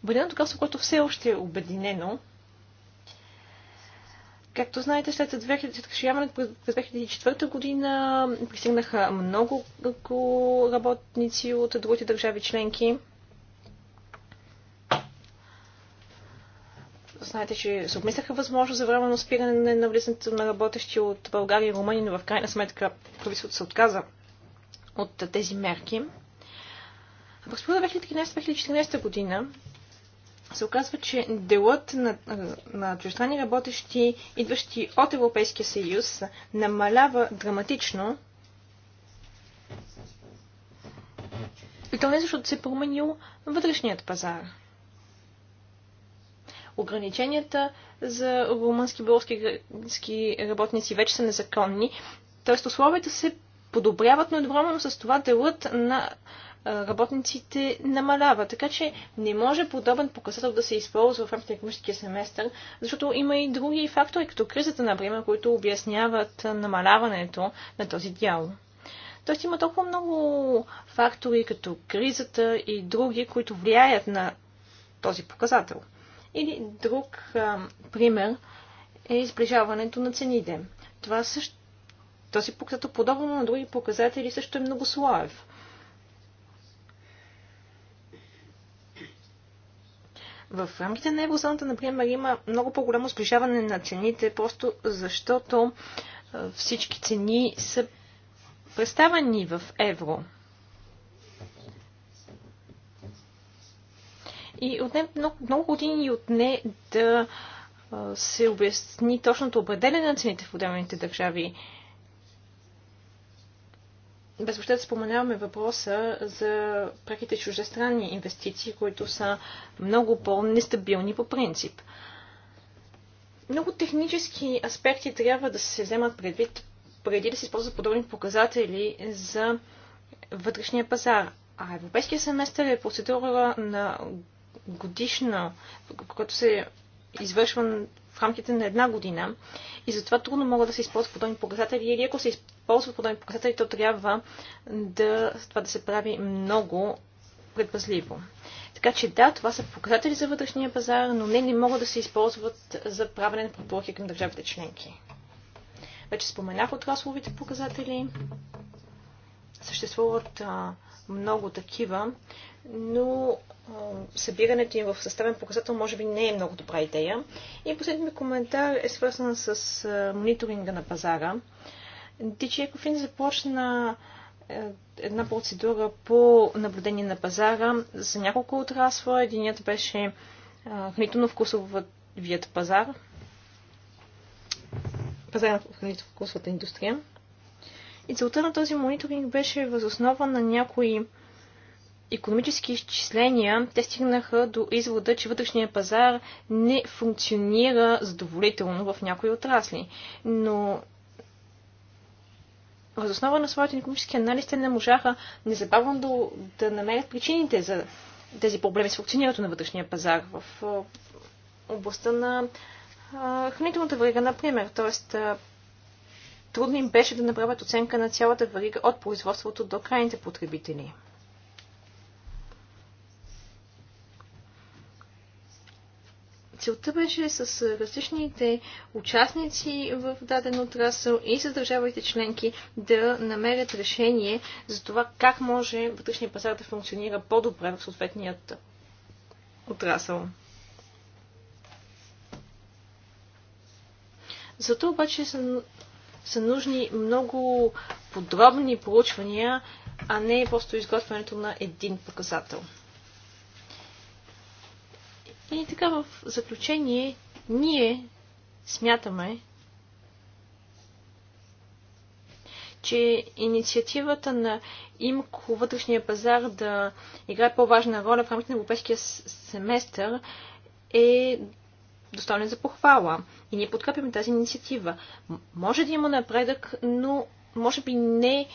Обединеното кралство, което все още е обединено, Както знаете, след през 2004 година пристигнаха много работници от другите държави членки. Знаете, че се обмисляха възможност за временно спиране на влизането на работещи от България и Румъния, но в крайна сметка правителството се отказа от тези мерки. А през 2013-2014 година се оказва, че делът на, на чуждестранни работещи, идващи от Европейския съюз, намалява драматично. И то не защото се е променил вътрешният пазар. Ограниченията за румънски български работници вече са незаконни, т.е. условията се подобряват, но едновременно с това делът на работниците намалява. Така че не може подобен показател да се използва в рамките на економическия семестър, защото има и други фактори, като кризата, например, които обясняват намаляването на този дял. Тоест има толкова много фактори, като кризата и други, които влияят на този показател. Или друг а, пример е изближаването на цените. Това също, този показател, подобно на други показатели, също е многослоев. В рамките на еврозоната, например, има много по-голямо сближаване на цените, просто защото всички цени са представени в евро. И отне много, много години отне да се обясни точното определение на цените в отделните държави без въобще да споменаваме въпроса за преките чуждестранни инвестиции, които са много по-нестабилни по принцип. Много технически аспекти трябва да се вземат предвид преди да се използват подобни показатели за вътрешния пазар. А Европейския семестър е процедура на годишна, която се извършва в рамките на една година и затова трудно могат да се използват подобни показатели или ако се използват подобни показатели, то трябва да, това да се прави много предпазливо. Така че да, това са показатели за вътрешния пазар, но не, не могат да се използват за правене на препоръки към държавите членки. Вече споменах отрасловите показатели. Съществуват а, много такива, но събирането им в съставен показател може би не е много добра идея. И последният ми коментар е свързан с мониторинга на пазара. DJ Ecofin започна е, една процедура по наблюдение на пазара за няколко отрасла. Единият беше хранително-вкусовият пазар, пазар на хранително-вкусовата индустрия. И целта на този мониторинг беше възоснова на някои економически изчисления, те стигнаха до извода, че вътрешния пазар не функционира задоволително в някои отрасли. Но възоснова на своите економически анализ те не можаха незабавно да, да намерят причините за тези проблеми с функционирането на вътрешния пазар в областта на хранителната врига, например. Тоест, трудно им беше да направят оценка на цялата варига от производството до крайните потребители. Целта беше с различните участници в даден отрасъл и с държавите членки да намерят решение за това как може вътрешния пазар да функционира по-добре в съответният отрасъл. Зато обаче са, са нужни много подробни проучвания, а не просто изготвянето на един показател. И така в заключение ние смятаме, че инициативата на ИМКО вътрешния пазар да играе по-важна роля в рамките на европейския семестър е достойна за похвала. И ние подкрепяме тази инициатива. Може да има напредък, но може би не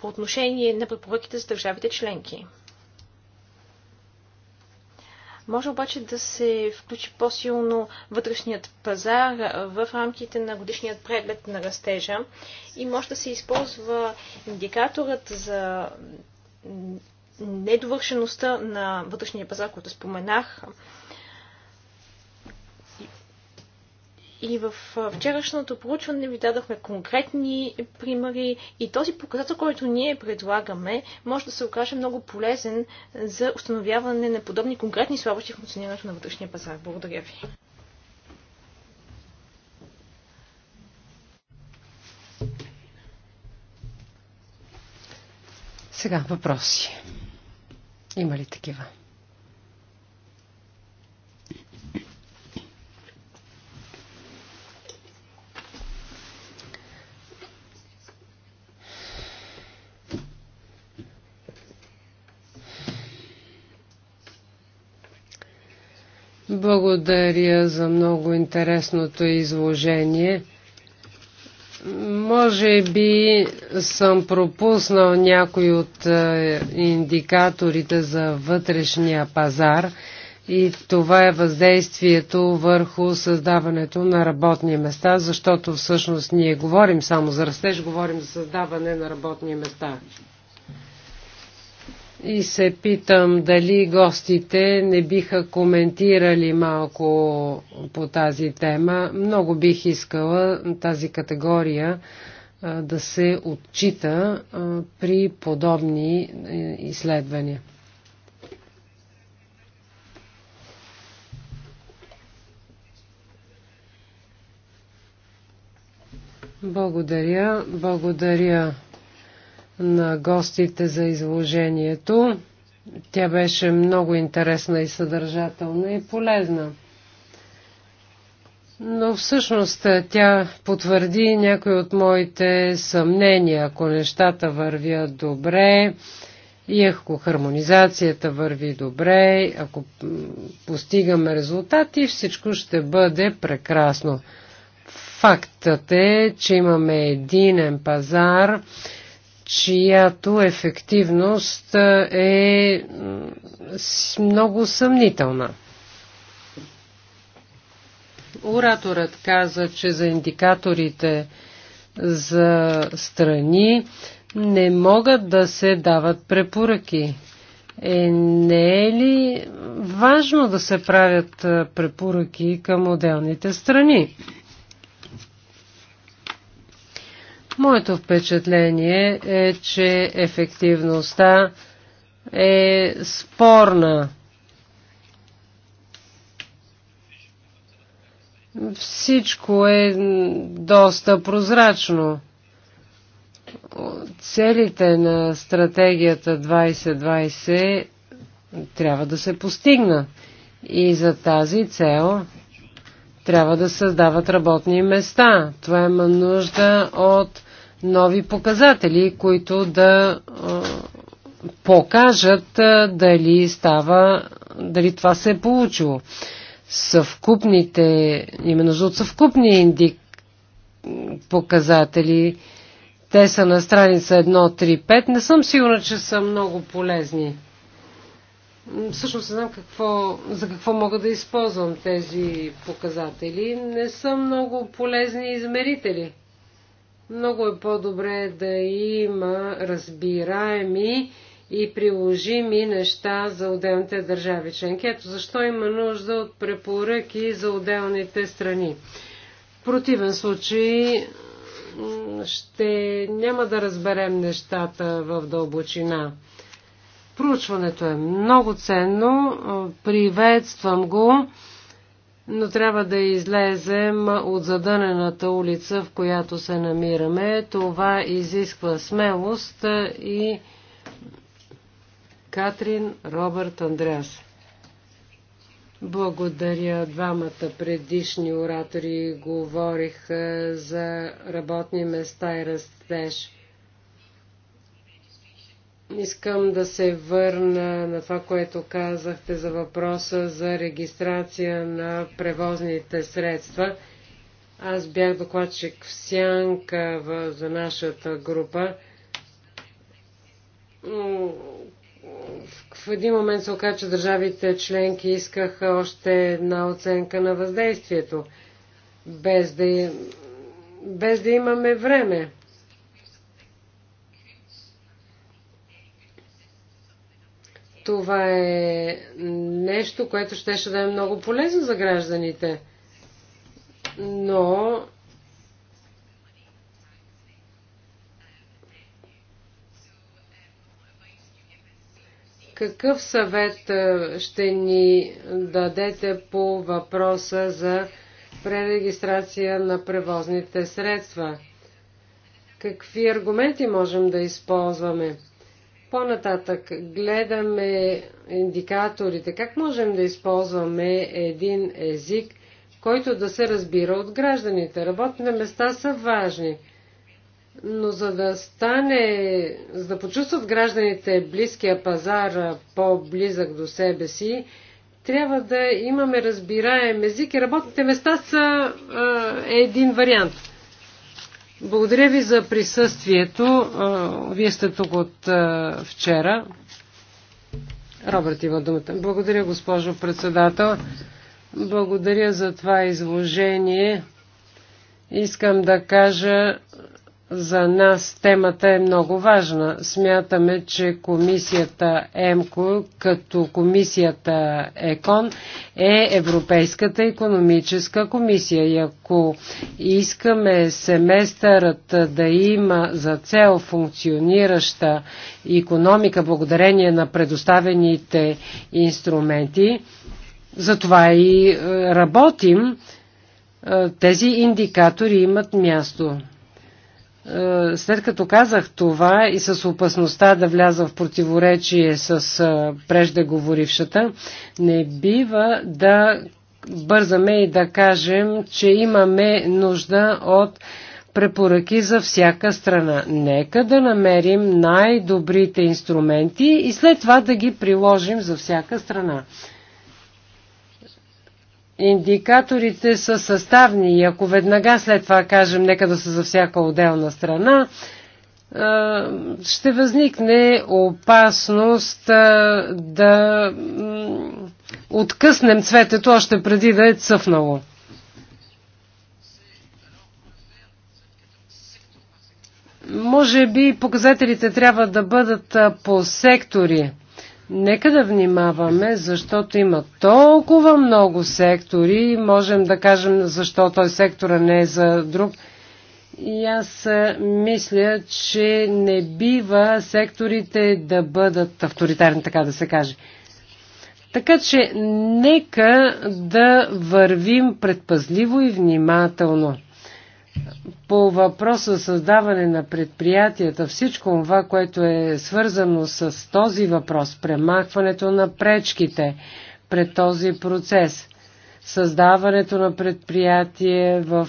по отношение на препоръките за държавите членки. Може обаче да се включи по-силно вътрешният пазар в рамките на годишният преглед на растежа и може да се използва индикаторът за недовършеността на вътрешния пазар, който споменах, И в вчерашното проучване ви дадохме конкретни примери и този показател, който ние предлагаме, може да се окаже много полезен за установяване на подобни конкретни слабости в функционирането на вътрешния пазар. Благодаря ви. Сега въпроси. Има ли такива? Благодаря за много интересното изложение. Може би съм пропуснал някой от е, индикаторите за вътрешния пазар и това е въздействието върху създаването на работни места, защото всъщност ние говорим само за растеж, говорим за създаване на работни места и се питам дали гостите не биха коментирали малко по тази тема. Много бих искала тази категория да се отчита при подобни е, изследвания. Благодаря. Благодаря на гостите за изложението. Тя беше много интересна и съдържателна и полезна. Но всъщност е, тя потвърди някои от моите съмнения. Ако нещата вървят добре и ако хармонизацията върви добре, ако постигаме резултати, всичко ще бъде прекрасно. Фактът е, че имаме единен пазар, чиято ефективност е много съмнителна. Ораторът каза, че за индикаторите за страни не могат да се дават препоръки. Е, не е ли важно да се правят препоръки към отделните страни? Моето впечатление е, че ефективността е спорна. Всичко е доста прозрачно. Целите на стратегията 2020 трябва да се постигнат. И за тази цел трябва да създават работни места. Това има нужда от нови показатели, които да покажат дали става, дали това се е получило. Съвкупните, именно от съвкупни индик показатели, те са на страница 5. Не съм сигурна, че са много полезни. Всъщност не знам какво, за какво мога да използвам тези показатели. Не са много полезни измерители. Много е по-добре да има разбираеми и приложими неща за отделните държави членки. Ето защо има нужда от препоръки за отделните страни. В противен случай ще няма да разберем нещата в дълбочина. Проучването е много ценно, приветствам го но трябва да излезем от задънената улица, в която се намираме. Това изисква смелост и Катрин Робърт Андреас. Благодаря. Двамата предишни оратори говориха за работни места и растеж. Искам да се върна на това, което казахте за въпроса за регистрация на превозните средства. Аз бях докладчик в Сянка в, за нашата група. В един момент се оказа, че държавите членки искаха още една оценка на въздействието, без да, без да имаме време. Това е нещо, което ще да е много полезно за гражданите. Но какъв съвет ще ни дадете по въпроса за пререгистрация на превозните средства? Какви аргументи можем да използваме? По-нататък гледаме индикаторите. Как можем да използваме един език, който да се разбира от гражданите? Работните места са важни. Но за да стане, за да почувстват гражданите близкия пазар по-близък до себе си, трябва да имаме разбираем език и работните места са а, един вариант. Благодаря ви за присъствието. Вие сте тук от вчера. Робърт има думата. Благодаря, госпожо председател. Благодаря за това изложение. Искам да кажа, за нас темата е много важна. Смятаме, че комисията ЕМКО, като комисията ЕКОН, е Европейската економическа комисия. И ако искаме семестърът да има за цел функционираща економика благодарение на предоставените инструменти, затова и е, работим, е, тези индикатори имат място. Е, след като казах това и с опасността да вляза в противоречие с е, преждеговорившата, не бива да бързаме и да кажем, че имаме нужда от препоръки за всяка страна. Нека да намерим най-добрите инструменти и след това да ги приложим за всяка страна. Индикаторите са съставни и ако веднага след това кажем нека да са за всяка отделна страна, ще възникне опасност да откъснем цветето още преди да е цъфнало. Може би показателите трябва да бъдат по сектори. Нека да внимаваме, защото има толкова много сектори, можем да кажем защо той сектора не е за друг. И аз мисля, че не бива секторите да бъдат авторитарни, така да се каже. Така че нека да вървим предпазливо и внимателно. По въпроса създаване на предприятията, всичко това, което е свързано с този въпрос, премахването на пречките пред този процес, създаването на предприятие в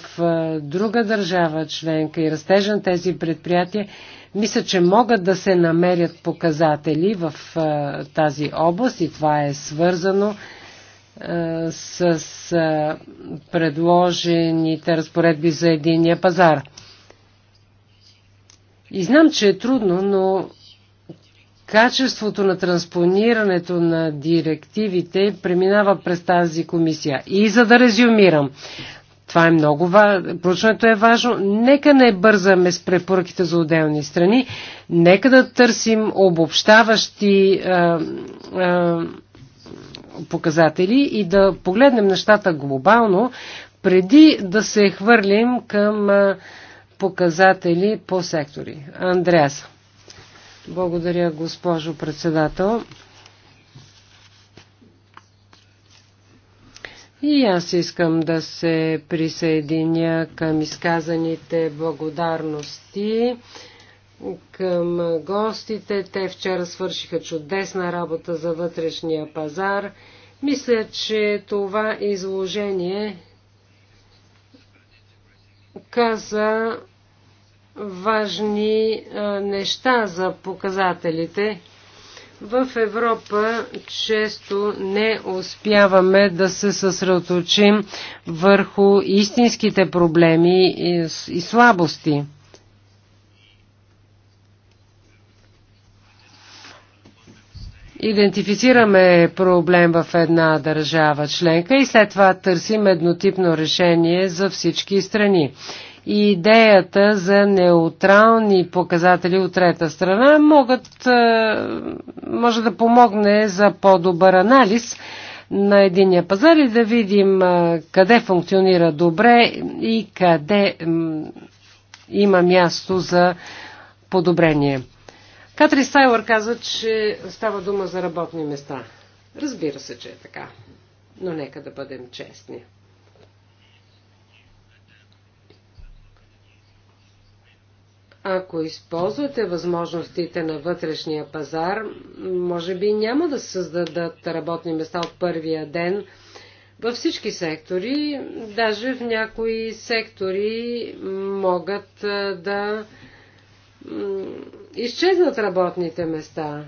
друга държава членка и растежа на тези предприятия, мисля, че могат да се намерят показатели в тази област и това е свързано с е, с е, предложените разпоредби за единния пазар. И знам, че е трудно, но качеството на транспонирането на директивите преминава през тази комисия. И за да резюмирам, това е много важно, проучването е важно. Нека не бързаме с препоръките за отделни страни, нека да търсим обобщаващи а, е, а, показатели и да погледнем нещата глобално, преди да се хвърлим към показатели по сектори. Андреас. Благодаря, госпожо председател. И аз искам да се присъединя към изказаните благодарности към гостите. Те вчера свършиха чудесна работа за вътрешния пазар. Мисля, че това изложение каза важни неща за показателите. В Европа често не успяваме да се съсредоточим върху истинските проблеми и слабости. идентифицираме проблем в една държава членка и след това търсим еднотипно решение за всички страни. И идеята за неутрални показатели от трета страна могат, е, може да помогне за по-добър анализ на единия пазар и да видим е, къде функционира добре и къде има място за подобрение. Катри Стайлър каза, че става дума за работни места. Разбира се, че е така. Но нека да бъдем честни. Ако използвате възможностите на вътрешния пазар, може би няма да създадат работни места от първия ден във всички сектори. Даже в някои сектори могат да изчезнат работните места.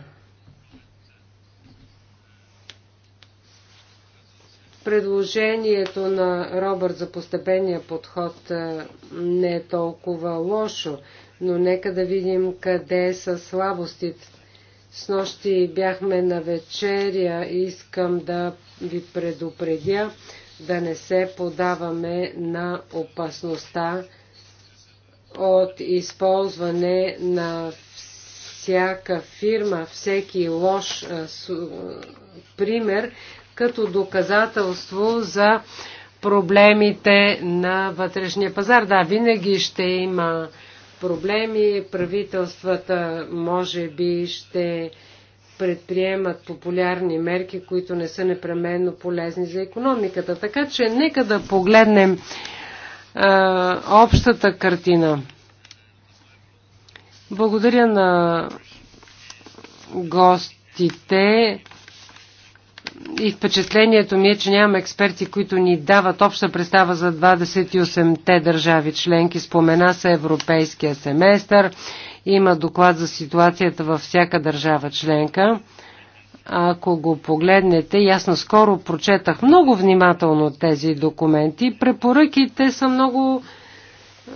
Предложението на Робърт за постепения подход е, не е толкова лошо, но нека да видим къде са слабостите. С нощи бяхме на вечеря и искам да ви предупредя да не се подаваме на опасността от използване на всяка фирма, всеки лош пример като доказателство за проблемите на вътрешния пазар. Да, винаги ще има проблеми, правителствата може би ще предприемат популярни мерки, които не са непременно полезни за економиката. Така че нека да погледнем общата картина. Благодаря на гостите и впечатлението ми е, че нямаме експерти, които ни дават обща представа за 28-те държави членки. Спомена се европейския семестър, има доклад за ситуацията във всяка държава членка. Ако го погледнете, и аз наскоро прочетах много внимателно тези документи, препоръките са много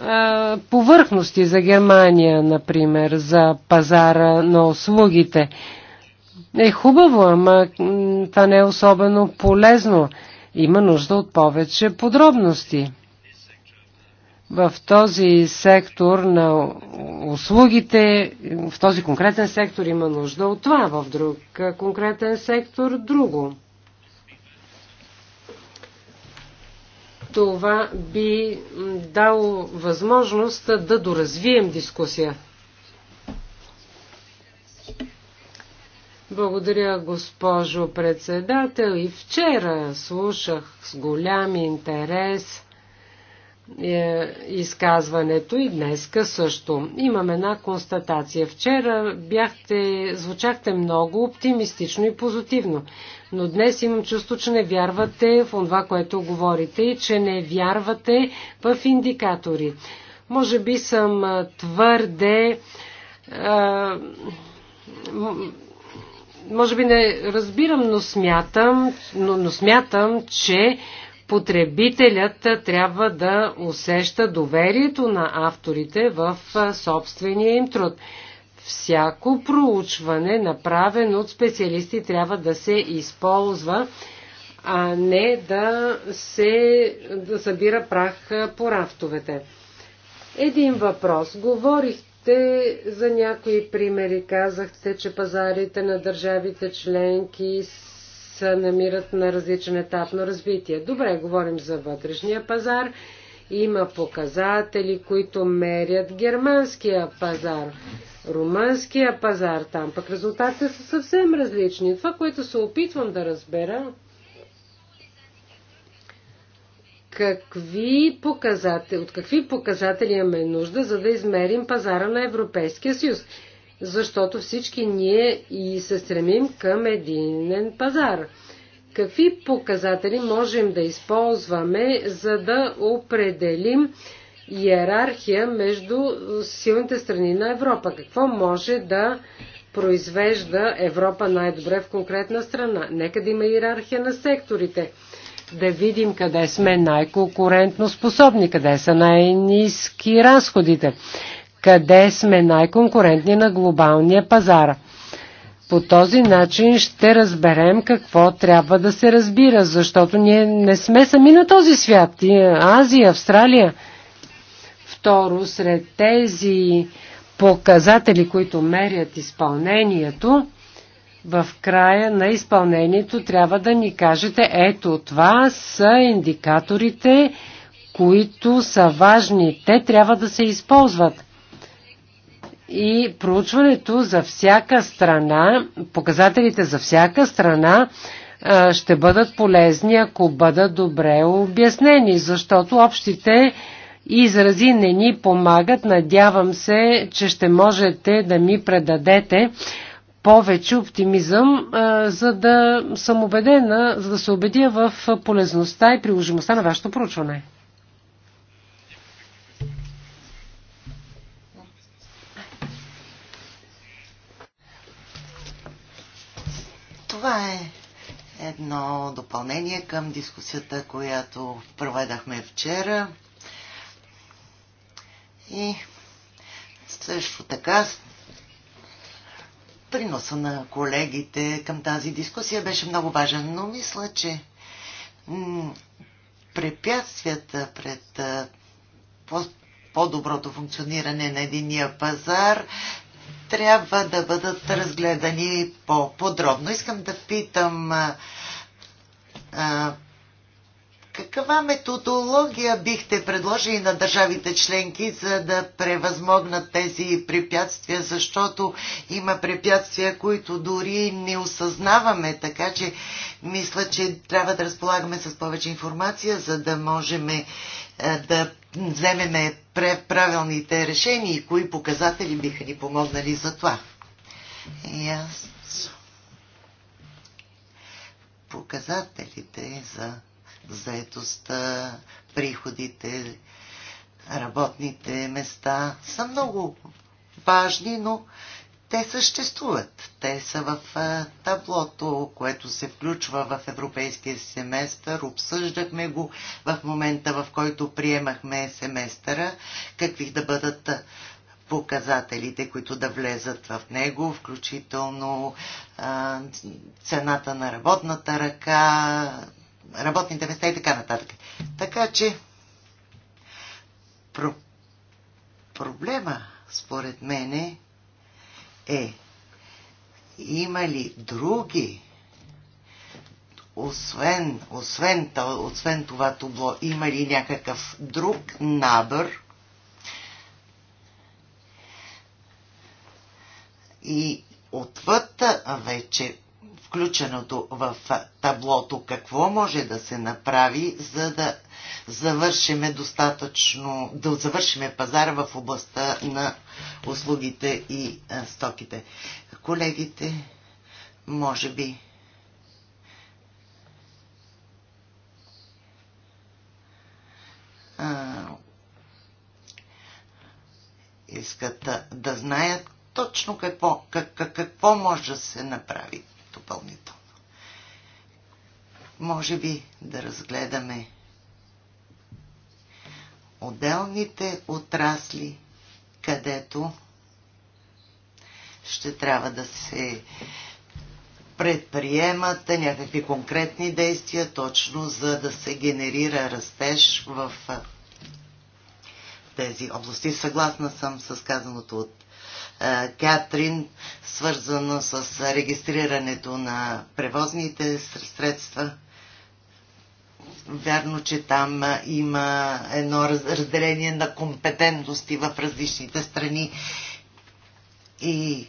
а, повърхности за Германия, например, за пазара на услугите. Е хубаво, ама това не е особено полезно. Има нужда от повече подробности в този сектор на услугите, в този конкретен сектор има нужда от това, в друг конкретен сектор друго. Това би дало възможност да доразвием дискусия. Благодаря, госпожо председател. И вчера слушах с голям интерес – е, изказването и днеска също. Имам една констатация. Вчера бяхте, звучахте много оптимистично и позитивно, но днес имам чувство, че не вярвате в това, което говорите и че не вярвате в индикатори. Може би съм твърде. Е, може би не разбирам, но смятам, но, но смятам, че потребителят трябва да усеща доверието на авторите в собствения им труд. Всяко проучване, направено от специалисти, трябва да се използва, а не да се да събира прах по рафтовете. Един въпрос. Говорихте за някои примери. Казахте, че пазарите на държавите членки се намират на различен етап на развитие. Добре, говорим за вътрешния пазар. Има показатели, които мерят германския пазар, румънския пазар. Там пък резултатите са съвсем различни. Това, което се опитвам да разбера, какви показатели, от какви показатели имаме нужда, за да измерим пазара на Европейския съюз защото всички ние и се стремим към единен пазар. Какви показатели можем да използваме, за да определим иерархия между силните страни на Европа? Какво може да произвежда Европа най-добре в конкретна страна? Нека да има иерархия на секторите да видим къде сме най-конкурентно способни, къде са най-низки разходите, къде сме най-конкурентни на глобалния пазар. По този начин ще разберем какво трябва да се разбира, защото ние не сме сами на този свят. Азия, Австралия. Второ, сред тези показатели, които мерят изпълнението, в края на изпълнението трябва да ни кажете, ето това са индикаторите, които са важни. Те трябва да се използват и проучването за всяка страна, показателите за всяка страна ще бъдат полезни, ако бъдат добре обяснени, защото общите изрази не ни помагат. Надявам се, че ще можете да ми предадете повече оптимизъм, за да съм убедена, за да се убедя в полезността и приложимостта на вашето проучване. Това е едно допълнение към дискусията, която проведахме вчера. И също така приноса на колегите към тази дискусия беше много важен, но мисля, че препятствията пред по-доброто функциониране на единия пазар трябва да бъдат разгледани по-подробно. Искам да питам а, каква методология бихте предложили на държавите членки, за да превъзмогнат тези препятствия, защото има препятствия, които дори не осъзнаваме, така че мисля, че трябва да разполагаме с повече информация, за да можем да вземеме правилните решения и кои показатели биха ни помогнали за това. Ясно. Показателите за заетостта, приходите, работните места са много важни, но те съществуват. Те са в таблото, което се включва в европейския семестър. Обсъждахме го в момента, в който приемахме семестъра, какви да бъдат показателите, които да влезат в него, включително а, цената на работната ръка, работните места и така нататък. Така че про- проблема, според мен, е, е има ли други освен, освен, освен това тубло, има ли някакъв друг набър и отвъд вече включеното в таблото, какво може да се направи, за да завършиме достатъчно, да завършиме пазара в областта на услугите и а, стоките. Колегите, може би, а, искат да, да знаят точно какво, как, как, какво може да се направи допълнително. Може би да разгледаме отделните отрасли, където ще трябва да се предприемат някакви конкретни действия, точно за да се генерира растеж в тези области. Съгласна съм с казаното от Катрин, свързано с регистрирането на превозните средства. Вярно, че там има едно разделение на компетентности в различните страни и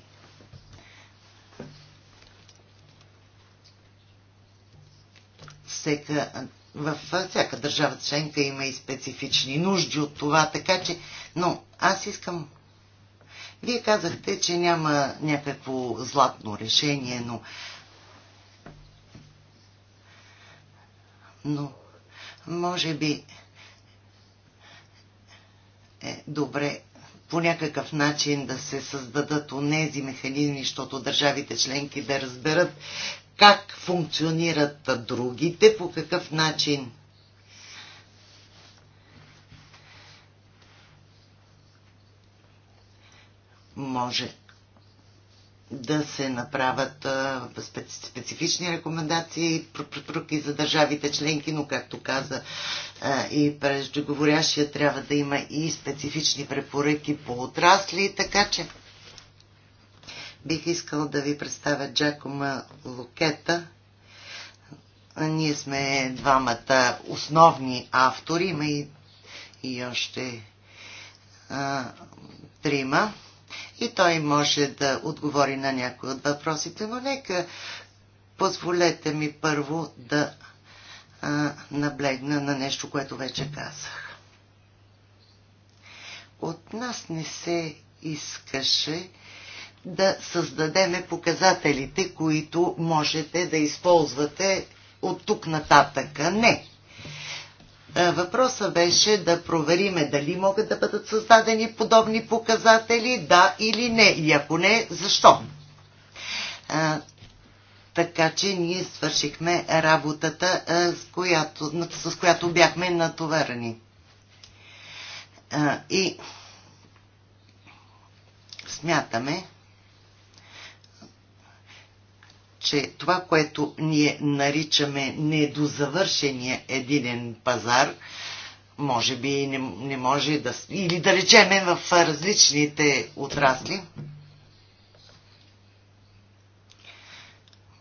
всека, във всяка държава членка има и специфични нужди от това, така че, но аз искам вие казахте, че няма някакво златно решение, но но може би е добре по някакъв начин да се създадат онези механизми, защото държавите членки да разберат как функционират другите, по какъв начин може да се направят специфични рекомендации препоръки за държавите членки, но както каза и преждеговорящия, трябва да има и специфични препоръки по отрасли, така че бих искал да ви представя Джакома Лукета. Ние сме двамата основни автори, има и, и още а, трима и той може да отговори на някои от въпросите, но нека позволете ми първо да а, наблегна на нещо, което вече казах. От нас не се искаше да създадеме показателите, които можете да използвате от тук нататъка. Не. Е, въпросът беше да провериме дали могат да бъдат създадени подобни показатели, да или не. И ако не, защо? А, е, така че ние свършихме работата, а, е, с, която, с която бяхме натоварени. и смятаме, че това, което ние наричаме недозавършения единен пазар, може би не, не може да... или да речеме в различните отрасли.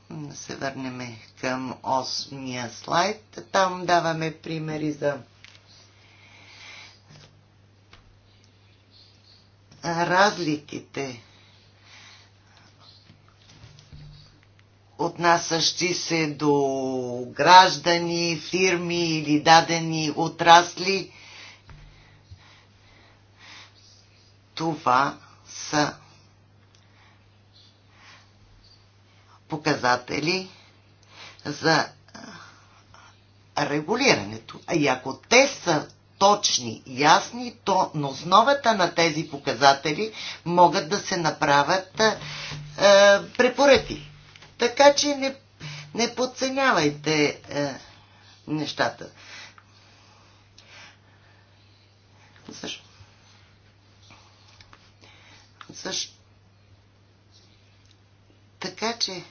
Да се върнем към осмия слайд. Там даваме примери за разликите отнасящи се до граждани, фирми или дадени отрасли. Това са показатели за регулирането. А и ако те са точни, ясни, то на основата на тези показатели могат да се направят е, препоръки. Така че не, не подценявайте е, нещата. Защо? Защо? Така че,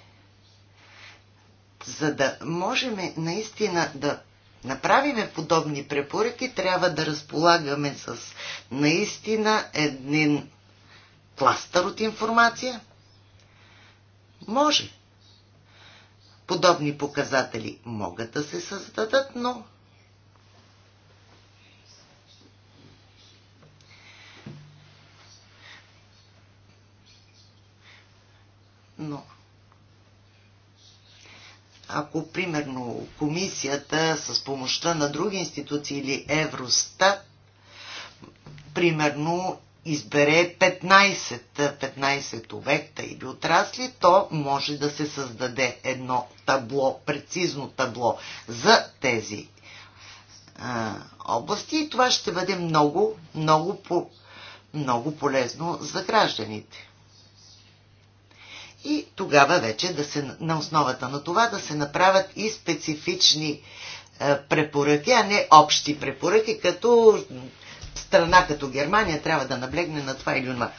за да можем наистина да направим подобни препоръки, трябва да разполагаме с наистина един пластър от информация. Може подобни показатели могат да се създадат, но но ако, примерно, комисията с помощта на други институции или Евростат, примерно, избере 15, 15 обекта или отрасли, то може да се създаде едно табло, прецизно табло за тези а, области и това ще бъде много, много, по, много полезно за гражданите. И тогава вече да се, на основата на това да се направят и специфични препоръки, а не общи препоръки, като страна като Германия трябва да наблегне на това или това.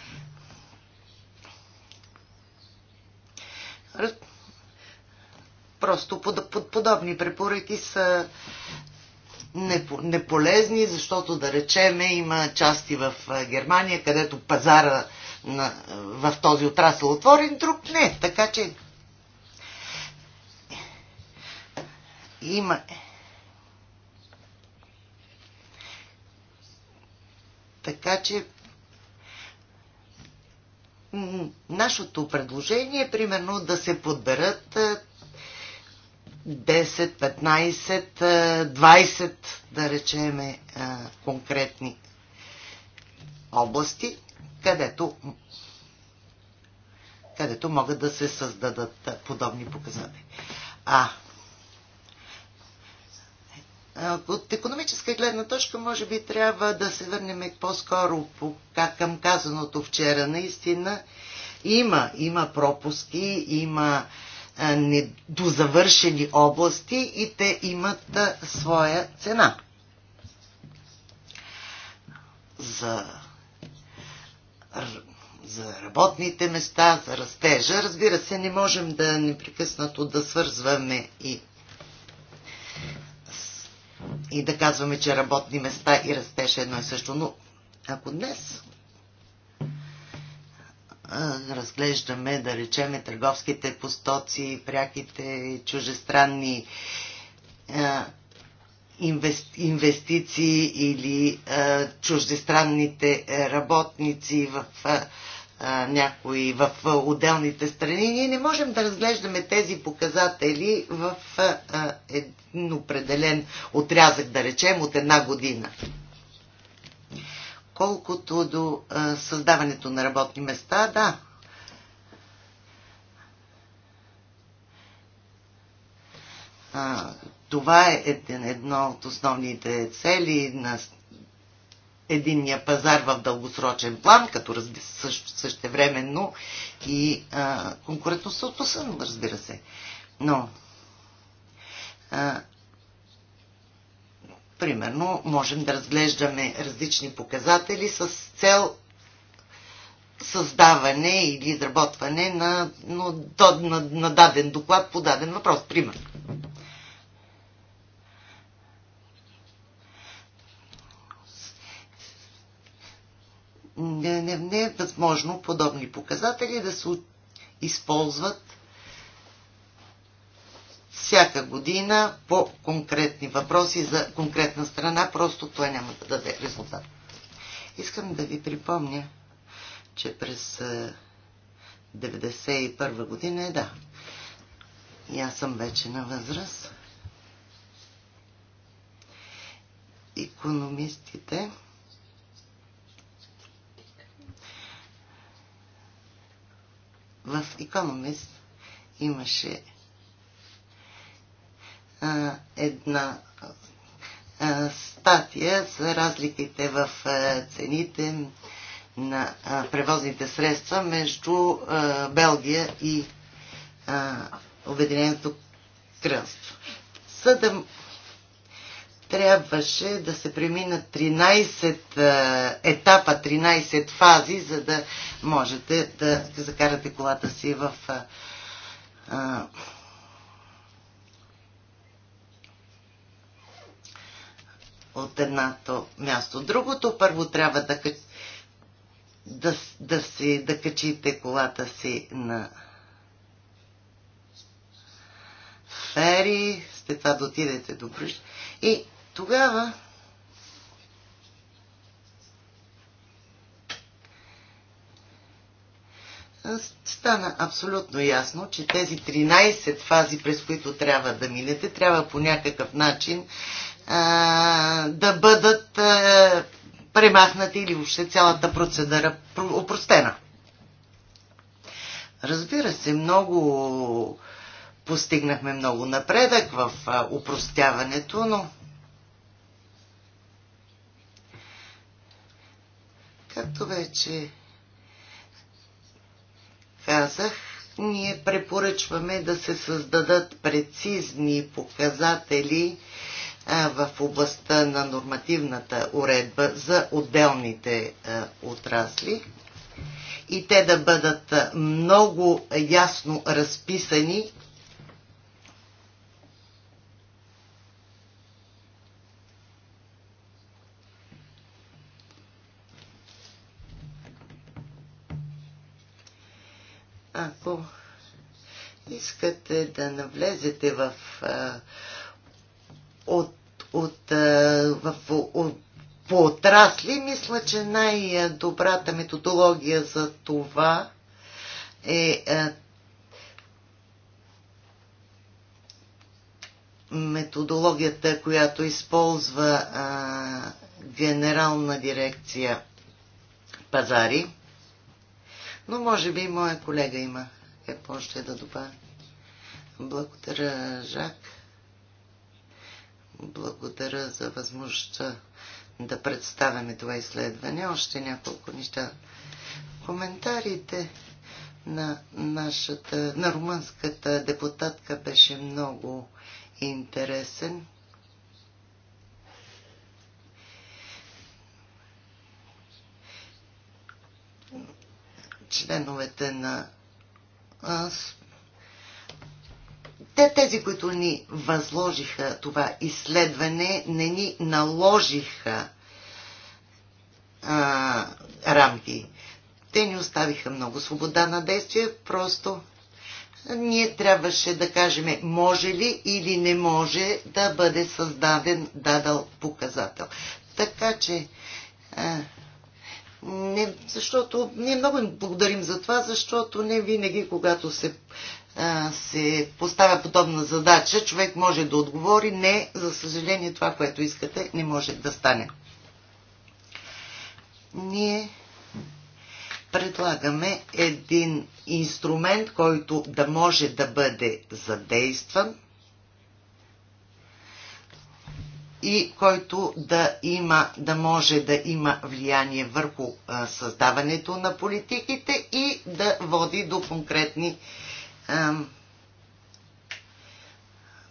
Просто под, под, подобни препоръки са неполезни, защото да речеме има части в Германия, където пазара на, в този отрасъл е отворен, друг не. Така че има Така че нашето предложение е примерно да се подберат 10, 15, 20, да речеме, конкретни области, където, където могат да се създадат подобни показатели. А от економическа гледна точка, може би трябва да се върнем по-скоро към казаното вчера. Наистина има, има пропуски, има недозавършени области и те имат своя цена. За, за работните места, за растежа. Разбира се, не можем да непрекъснато да свързваме и и да казваме, че работни места и растеше едно и също. Но ако днес разглеждаме, да речеме, търговските постоци, пряките чужестранни инвестиции или чуждестранните работници в някои в отделните страни, ние не можем да разглеждаме тези показатели в един определен отрязък, да речем, от една година. Колкото до създаването на работни места, да. това е едно от основните цели на единния пазар в дългосрочен план, като разби, също, същевременно и а, конкурентоспособно, разбира се. Но, а, примерно, можем да разглеждаме различни показатели с цел създаване или изработване на, но, на, на даден доклад по даден въпрос, примерно. не, не, не е възможно подобни показатели да се използват всяка година по конкретни въпроси за конкретна страна, просто това няма да даде резултат. Искам да ви припомня, че през 1991 година е да. И аз съм вече на възраст. Економистите в Economist имаше а, една а, статия за разликите в а, цените на а, превозните средства между а, Белгия и а, Обединеното кралство. За да трябваше да се преминат 13 е, етапа, 13 фази, за да можете да закарате колата си в а, е, е, от едното място. Другото първо трябва да, да, да, си, да качите колата си на фери, след това да отидете до Брюш и тогава стана абсолютно ясно, че тези 13 фази, през които трябва да минете, трябва по някакъв начин а, да бъдат а, премахнати или въобще цялата процедура опростена. Разбира се, много постигнахме много напредък в упростяването, но Както вече казах, ние препоръчваме да се създадат прецизни показатели в областта на нормативната уредба за отделните отрасли и те да бъдат много ясно разписани искате да навлезете в, от, от, в, от, по отрасли, мисля, че най-добрата методология за това е методологията, която използва а, генерална дирекция пазари. Но може би моя колега има какво ще да добави. Благодаря, Жак. Благодаря за възможността да представяме това изследване. Още няколко неща. Коментарите на нашата, на румънската депутатка беше много интересен. Членовете на те, тези, които ни възложиха това изследване, не ни наложиха а, рамки. Те ни оставиха много свобода на действие, просто ние трябваше да кажем може ли или не може да бъде създаден дадал показател. Така че, а, не, защото ние много им благодарим за това, защото не винаги, когато се се поставя подобна задача, човек може да отговори не, за съжаление това, което искате, не може да стане. Ние предлагаме един инструмент, който да може да бъде задействан и който да, има, да може да има влияние върху създаването на политиките и да води до конкретни а, ам,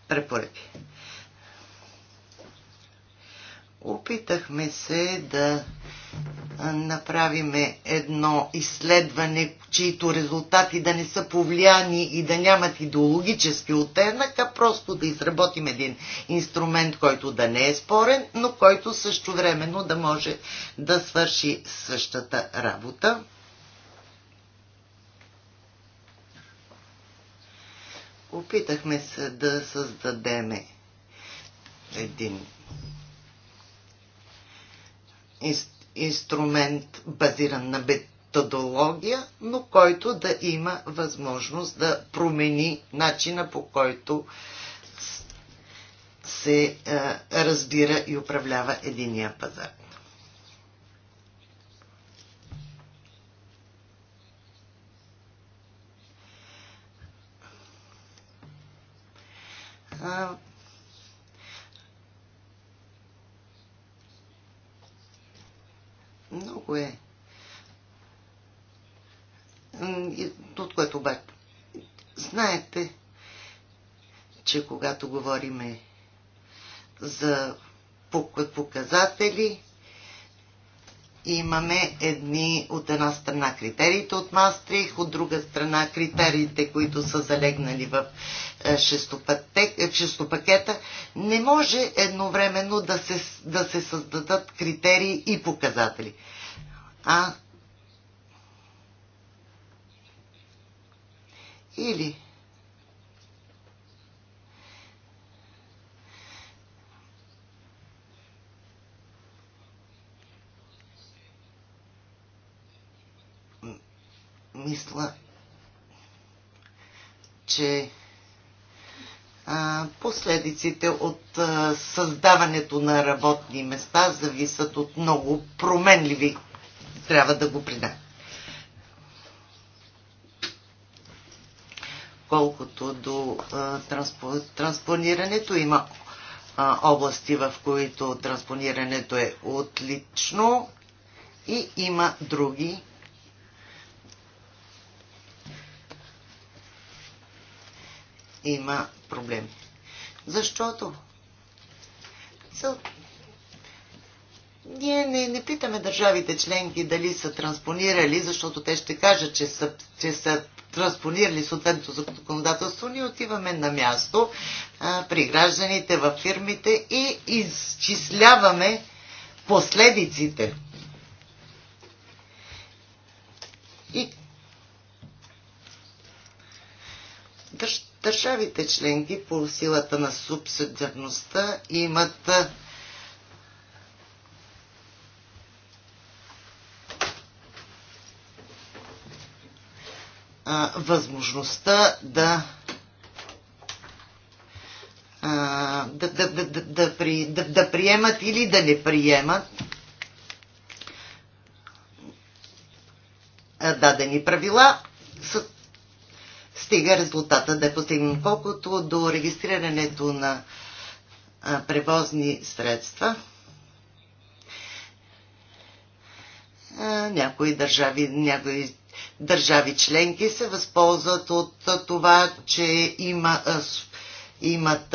препоръки. Опитахме се да направиме едно изследване, чието резултати да не са повлияни и да нямат идеологически оттенък, а просто да изработим един инструмент, който да не е спорен, но който също времено да може да свърши същата работа. Опитахме се да създадеме един инструмент базиран на методология, но който да има възможност да промени начина по който се разбира и управлява единия пазар. Много е. От което бе. Знаете, че когато говориме за показатели, имаме едни от една страна критериите от Мастрих, от друга страна критериите, които са залегнали в е, е, шестопакета. Не може едновременно да се, да се създадат критерии и показатели. А или мисля, че последиците от създаването на работни места зависят от много променливи. Трябва да го прида. Колкото до транспонирането, има области, в които транспонирането е отлично и има други има проблем. Защото цел... ние не, не питаме държавите членки дали са транспонирали, защото те ще кажат, че са, че са транспонирали съответното законодателство, ние отиваме на място а, при гражданите, във фирмите и изчисляваме последиците. И държ... Държавите членки по силата на субсидиарността имат възможността да да, да, да, да, да, при, да, да приемат или да не приемат дадени правила, стига резултата да е постигнат. Колкото до регистрирането на превозни средства, някои държави, някои държави членки се възползват от това, че има, имат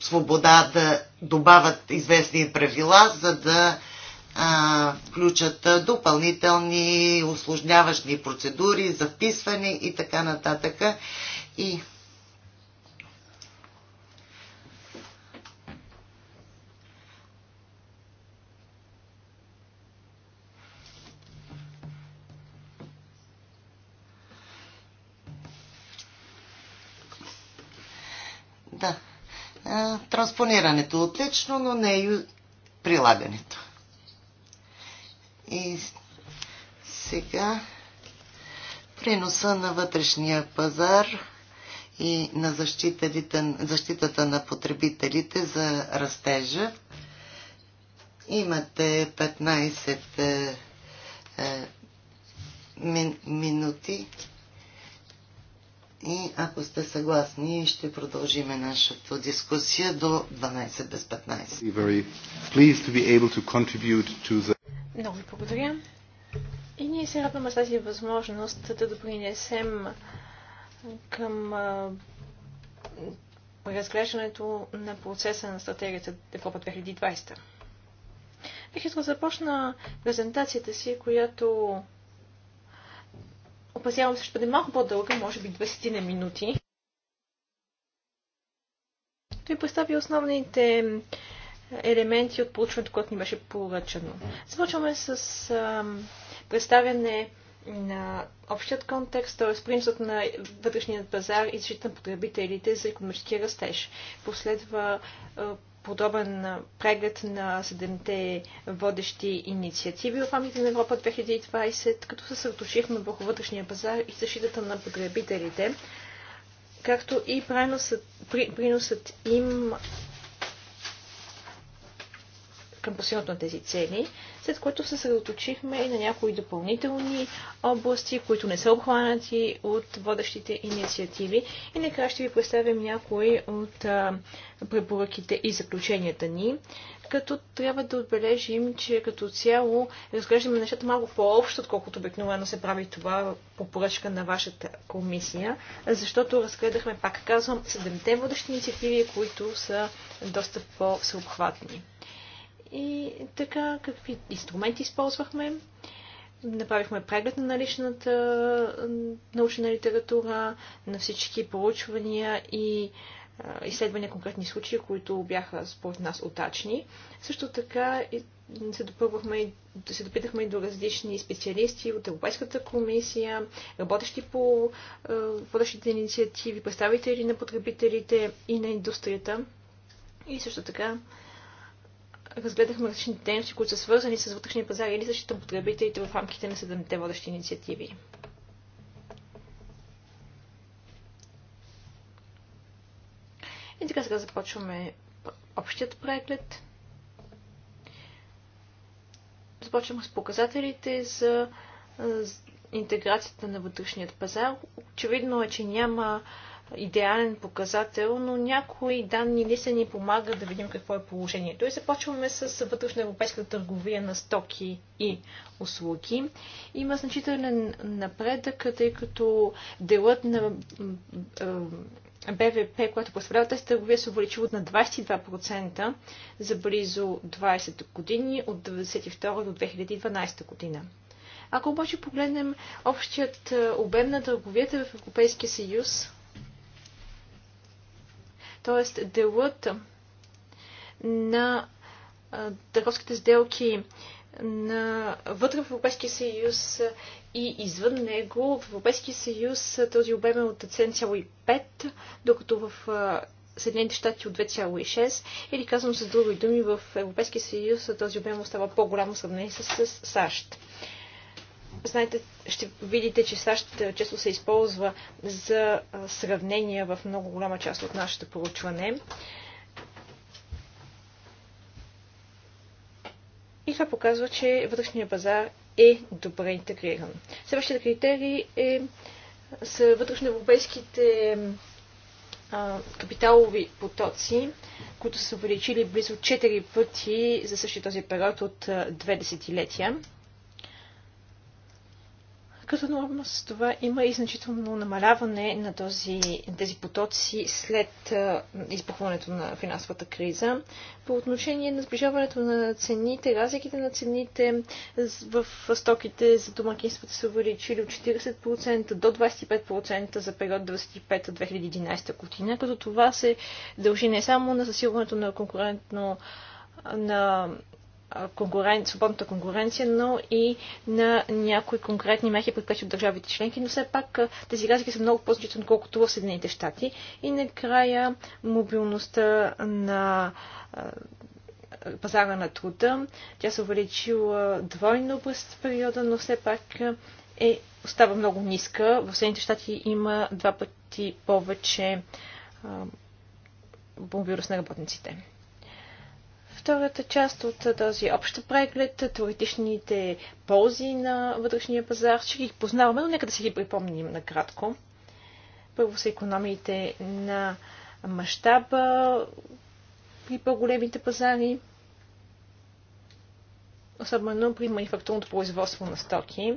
свобода да добавят известни правила, за да а, включат допълнителни осложняващи процедури записване и така нататък. И Да. Транспонирането отлично, но не и прилагането. И сега приноса на вътрешния пазар и на защитата на потребителите за растежа. Имате 15 е, е, мин, минути и ако сте съгласни, ще продължиме нашата дискусия до 12 без 15. Много ви благодаря. И ние се радваме с тази възможност да допринесем към разглеждането на процеса на стратегията Европа 2020. Бих искал да започна презентацията си, която опасявам се, ще бъде малко по-дълга, може би 20 на минути. Той представи основните елементи от получването, което ни беше поръчано. Започваме с ам, представяне на общият контекст, т.е. принципът на вътрешния пазар и защита на потребителите за економически растеж. Последва а, подобен преглед на седемте водещи инициативи в рамките на Европа 2020, като се съсредоточихме върху вътрешния пазар и защитата на потребителите, както и приносът, приносът им към постигането на тези цели, след което се съсредоточихме и на някои допълнителни области, които не са обхванати от водещите инициативи. И накрая ще ви представим някои от а, препоръките и заключенията ни, като трябва да отбележим, че като цяло разглеждаме нещата малко по-общо, отколкото обикновено се прави това по поръчка на вашата комисия, защото разгледахме, пак казвам, седемте водещи инициативи, които са доста по съобхватни и така, какви инструменти използвахме. Направихме преглед на наличната научна литература, на всички проучвания и изследвания конкретни случаи, които бяха според нас отачни. Също така се, допълвахме, се допитахме и до различни специалисти от Европейската комисия, работещи по водещите инициативи, представители на потребителите и на индустрията. И също така разгледахме различните дейности, които са свързани с вътрешния пазар или защита потребителите в рамките на седемте водещи инициативи. И така сега започваме общият преглед. Започваме с показателите за интеграцията на вътрешният пазар. Очевидно е, че няма идеален показател, но някои данни не се ни помагат да видим какво е положението. И започваме с вътрешна европейска търговия на стоки и услуги. Има значителен напредък, тъй като делът на БВП, което представлява тази търговия, се увеличиват на 22% за близо 20 години, от 1992 до 2012 година. Ако обаче погледнем общият обем на търговията в Европейския съюз, Тоест, делът на търговските сделки на вътре в Европейския съюз и извън него. В Европейския съюз този обем е от 7,5, докато в Съединените щати от 2,6 или казвам с други думи, в Европейския съюз този обем остава по-голям в сравнение с САЩ знаете, ще видите, че САЩ често се използва за сравнения в много голяма част от нашето проучване. И това показва, че вътрешния пазар е добре интегриран. Следващия критерий е са вътрешноевропейските капиталови потоци, които са увеличили близо 4 пъти за същия този период от две десетилетия. Като норма с това има и значително намаляване на този, тези потоци след избухването на финансовата криза. По отношение на сближаването на цените, разликите на цените в стоките за домакинствата са увеличили от 40% до 25% за период 25-2011 година, като това се дължи не само на засилването на конкурентно на конкурен... свободната конкуренция, но и на някои конкретни мехи, предприяти от държавите членки, но все пак тези разлики са много по-значителни, колкото в Съединените щати. И накрая мобилността на пазара на труда. Тя се увеличила двойно през периода, но все пак е, остава много ниска. В Съединените щати има два пъти повече бомбирус на работниците. Втората част от този общ преглед, теоретичните ползи на вътрешния пазар, ще ги познаваме, но нека да си ги припомним накратко. Първо са економиите на мащаба при по-големите пазари, особено при манифактурното производство на стоки,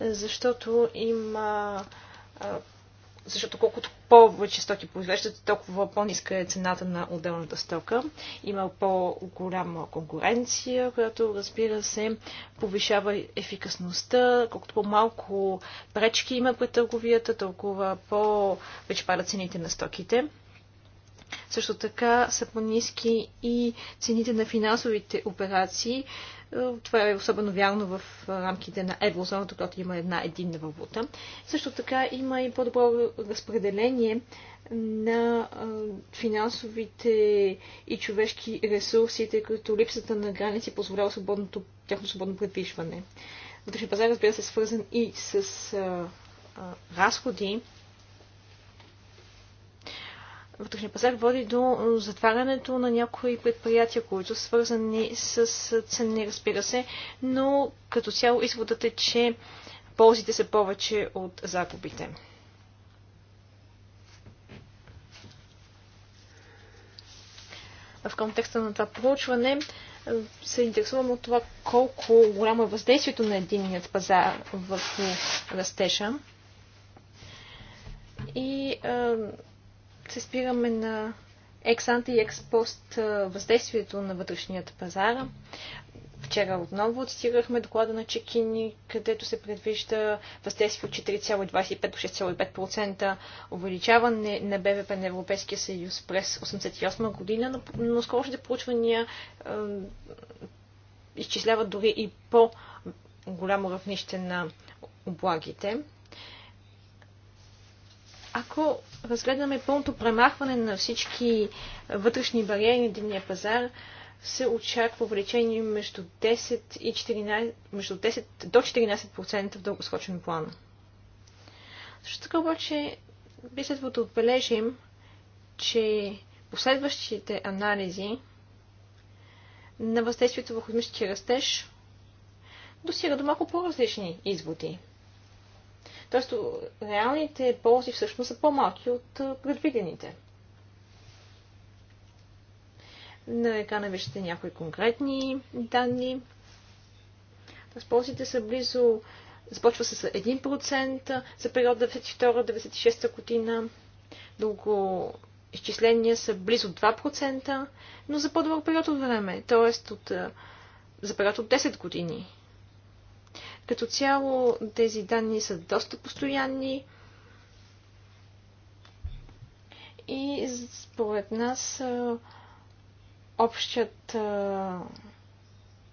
защото има защото колкото повече стоки произвеждат, толкова по-ниска е цената на отделната стока. Има по-голяма конкуренция, която разбира се повишава ефикасността. Колкото по-малко пречки има при търговията, толкова по-вече падат цените на стоките. Също така са по-низки и цените на финансовите операции, това е особено вярно в рамките на еврозоната, когато има една единна валута. Също така има и по-добро разпределение на финансовите и човешки ресурси, тъй като липсата на граници позволява свободното, тяхно свободно предвижване. Вътрешния пазар, разбира се, е свързан и с а, а, разходи, вътрешния пазар води до затварянето на някои предприятия, които са свързани с цени, разбира се, но като цяло изводът е, че ползите са повече от загубите. В контекста на това проучване се интересувам от това колко голямо е въздействието на единният пазар върху растежа. И се спираме на ексанти и експост въздействието на вътрешният пазар. Вчера отново отстирахме доклада на Чекини, където се предвижда въздействие от 4,25 до 6,5% увеличаване на БВП на Европейския съюз през 1988 година, но скорошните проучвания е, изчисляват дори и по голямо равнище на облагите. Ако разгледаме пълното премахване на всички вътрешни бариери на дневния пазар, се очаква увеличение между 10, и 14, между 10 до 14% в дългосрочен план. Също така обаче би следвало да отбележим, че последващите анализи на въздействието върху економическия растеж достигат до малко по-различни изводи. Тоест, реалните ползи всъщност са по-малки от предвидените. На екрана виждате някои конкретни данни. Тоест, ползите са близо започва с 1% за период 92-96 година. Дълго изчисления са близо 2%, но за по-дълъг период от време, т.е. От, за период от 10 години. Като цяло тези данни са доста постоянни и според нас общият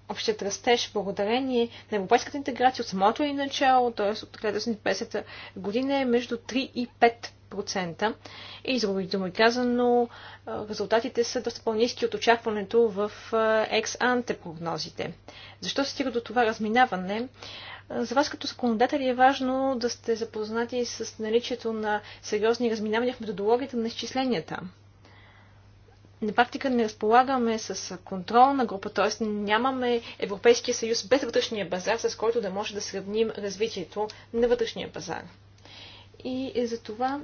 общият растеж благодарение на европейската интеграция от самото и начало, т.е. от 1950 година е между 3 и 5 10%. И с му е казано, резултатите са доста по-низки от очакването в екс-анте прогнозите. Защо се стига до това разминаване? За вас като законодатели е важно да сте запознати с наличието на сериозни разминавания в методологията на изчисленията на практика не разполагаме с контролна група, т.е. нямаме Европейския съюз без вътрешния базар, с който да може да сравним развитието на вътрешния пазар. И за това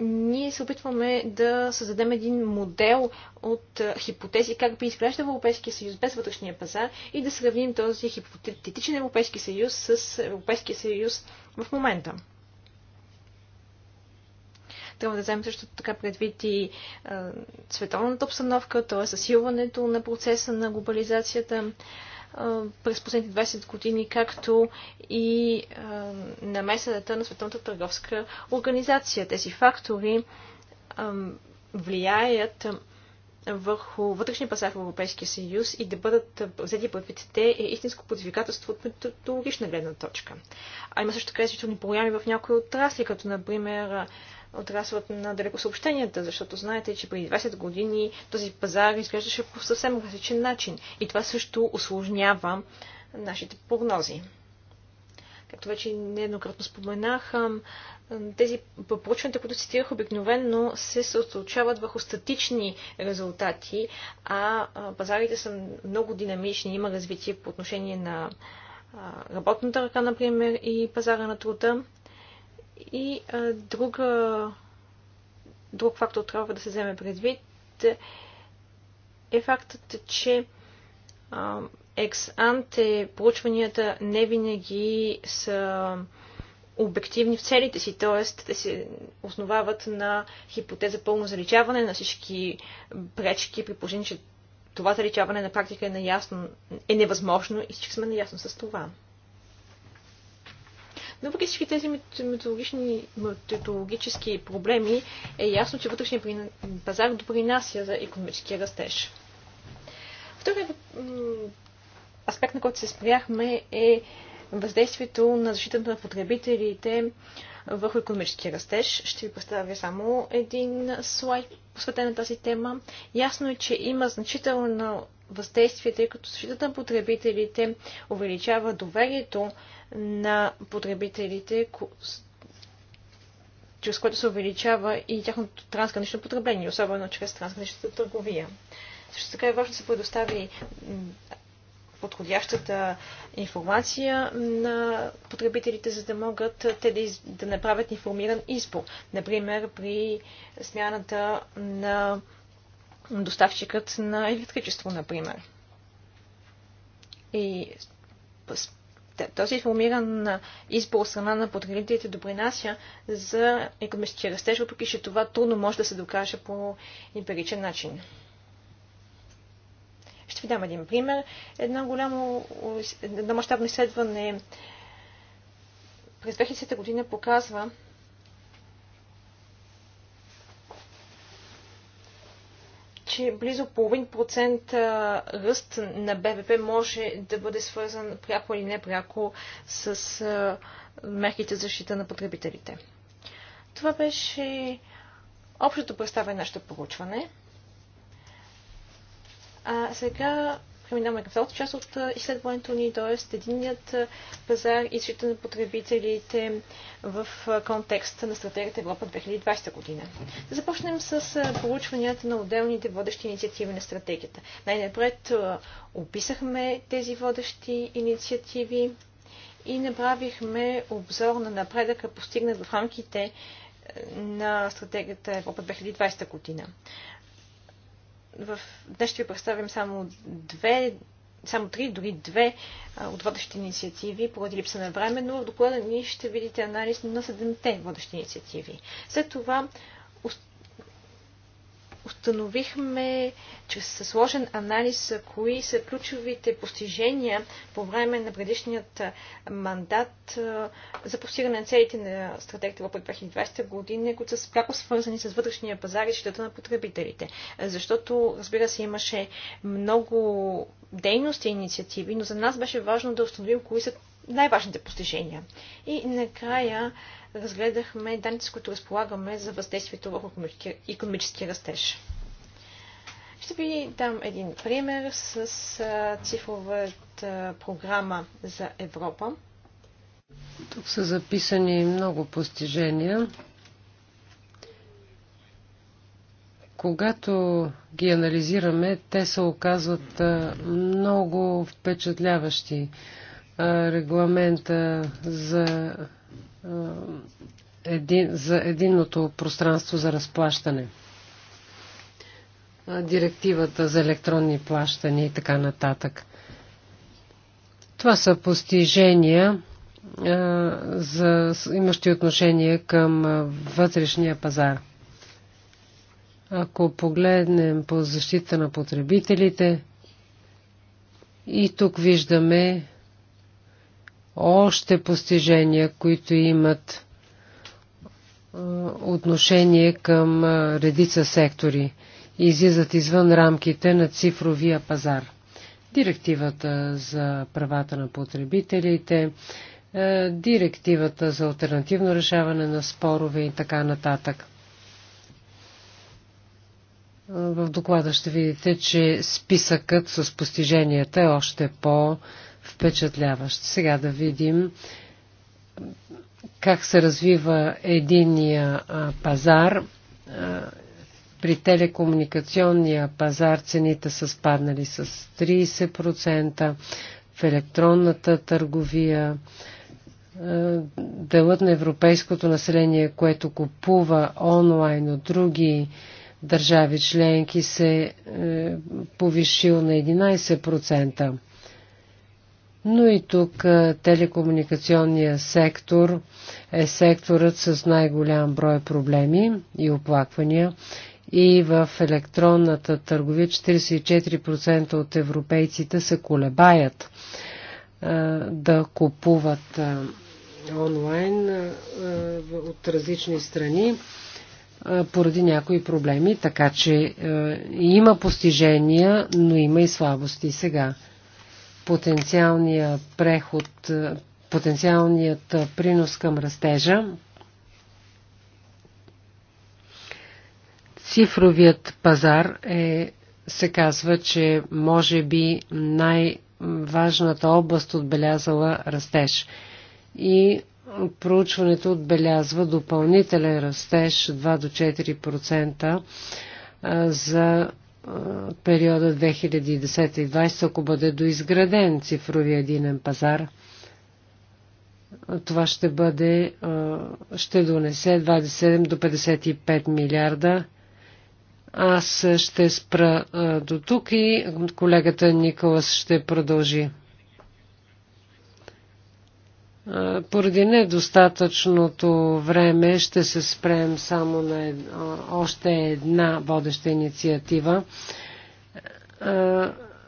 ние се опитваме да създадем един модел от хипотези как би изглеждал Европейския съюз без вътрешния пазар и да сравним този хипотетичен Европейски съюз с Европейския съюз в момента. Трябва да вземем също така предвид и е, световната обстановка, т.е. засилването на процеса на глобализацията, през последните 20 години, както и намесата на Световната търговска организация. Тези фактори влияят върху вътрешния пазар в Европейския съюз и да бъдат взети предвид те е истинско предизвикателство от методологична гледна точка. А има също така изключителни програми в някои отрасли, като например отраслът на далекосъобщенията, защото знаете, че преди 20 години този пазар изглеждаше по съвсем различен начин. И това също осложнява нашите прогнози. Както вече нееднократно споменах, тези проучвания, които цитирах обикновенно, се съоточават върху статични резултати, а пазарите са много динамични, има развитие по отношение на работната ръка, например, и пазара на труда. И а, друга, друг фактор трябва да се вземе предвид е фактът, че а, екс-анте проучванията не винаги са обективни в целите си, т.е. те се основават на хипотеза пълно заличаване на всички пречки, при положение, че това заличаване на практика е, наясно, е невъзможно и всички сме наясно с това. Но въпреки всички тези методологически проблеми е ясно, че вътрешният пазар допринася за економическия растеж. Вторият аспект, на който се спряхме е въздействието на защитата на потребителите върху економическия растеж. Ще ви представя само един слайд, посветен на тази тема. Ясно е, че има значително въздействие, тъй като защитата на потребителите увеличава доверието на потребителите, чрез което се увеличава и тяхното трансгранично потребление, особено чрез трансграничната търговия. Също така е важно да се предостави подходящата информация на потребителите, за да могат те да, из... да направят информиран избор. Например, при смяната на доставчикът на електричество, например. И този информиран избор от страна на потребителите допринася за економически растеж, въпреки че това трудно може да се докаже по империчен начин. Ще ви дам един пример. Едно голямо, едно мащабно изследване през 2000 година показва, че близо половин процент ръст на БВП може да бъде свързан пряко или непряко с мерките за защита на потребителите. Това беше общото представяне на нашето проучване. А сега преминаваме към втората част от изследването ни, т.е. единният пазар и защита на потребителите в контекста на стратегията Европа 2020 година. Да започнем с проучванията на отделните водещи инициативи на стратегията. Най-напред описахме тези водещи инициативи и направихме обзор на напредъка, постигнат в рамките на стратегията Европа 2020 година в... днес ще ви представим само две само три, дори две от водещи инициативи, поради липса на време, но в доклада ни ще видите анализ на седемте водещи инициативи. След това установихме чрез сложен анализ кои са ключовите постижения по време на предишният мандат за постигане на целите на стратегията Европа 2020 година, които са пряко свързани с вътрешния пазар и щитата на потребителите. Защото, разбира се, имаше много дейности и инициативи, но за нас беше важно да установим кои са най-важните постижения. И накрая разгледахме данните, с които разполагаме за въздействието върху економически растеж. Ще ви дам един пример с цифровата програма за Европа. Тук са записани много постижения. Когато ги анализираме, те се оказват много впечатляващи. Регламента за е, един, за единното пространство за разплащане. Директивата за електронни плащания и така нататък. Това са постижения, за, имащи отношение към вътрешния пазар. Ако погледнем по защита на потребителите, и тук виждаме още постижения, които имат отношение към редица сектори и излизат извън рамките на цифровия пазар. Директивата за правата на потребителите, директивата за альтернативно решаване на спорове и така нататък. В доклада ще видите, че списъкът с постиженията е още по- впечатляващ. Сега да видим как се развива единия пазар. При телекомуникационния пазар цените са спаднали с 30%, в електронната търговия делът на европейското население, което купува онлайн от други държави членки се е повишил на 11%. Но и тук телекомуникационния сектор е секторът с най-голям брой проблеми и оплаквания. И в електронната търговия 44% от европейците се колебаят да купуват онлайн от различни страни поради някои проблеми, така че има постижения, но има и слабости сега потенциалния преход, потенциалният принос към растежа. Цифровият пазар е, се казва, че може би най-важната област отбелязала растеж. И проучването отбелязва допълнителен растеж 2 до 4% за е, периода 2010-2020, ако бъде доизграден цифровия единен пазар. Това ще бъде, е, ще донесе 27 до 55 милиарда. Аз ще спра е, до тук и колегата Николас ще продължи. Поради недостатъчното време ще се спрем само на още една водеща инициатива.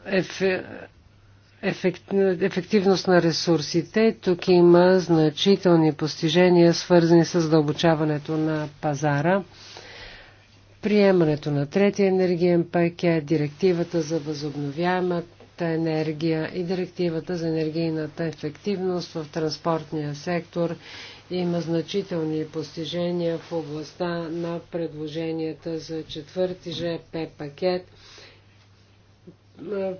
Еф... Ефект... Ефективност на ресурсите. Тук има значителни постижения, свързани с дълбочаването на пазара приемането на третия енергиен пакет, директивата за възобновяемата енергия и директивата за енергийната ефективност в транспортния сектор има значителни постижения в областта на предложенията за четвърти ЖП пакет,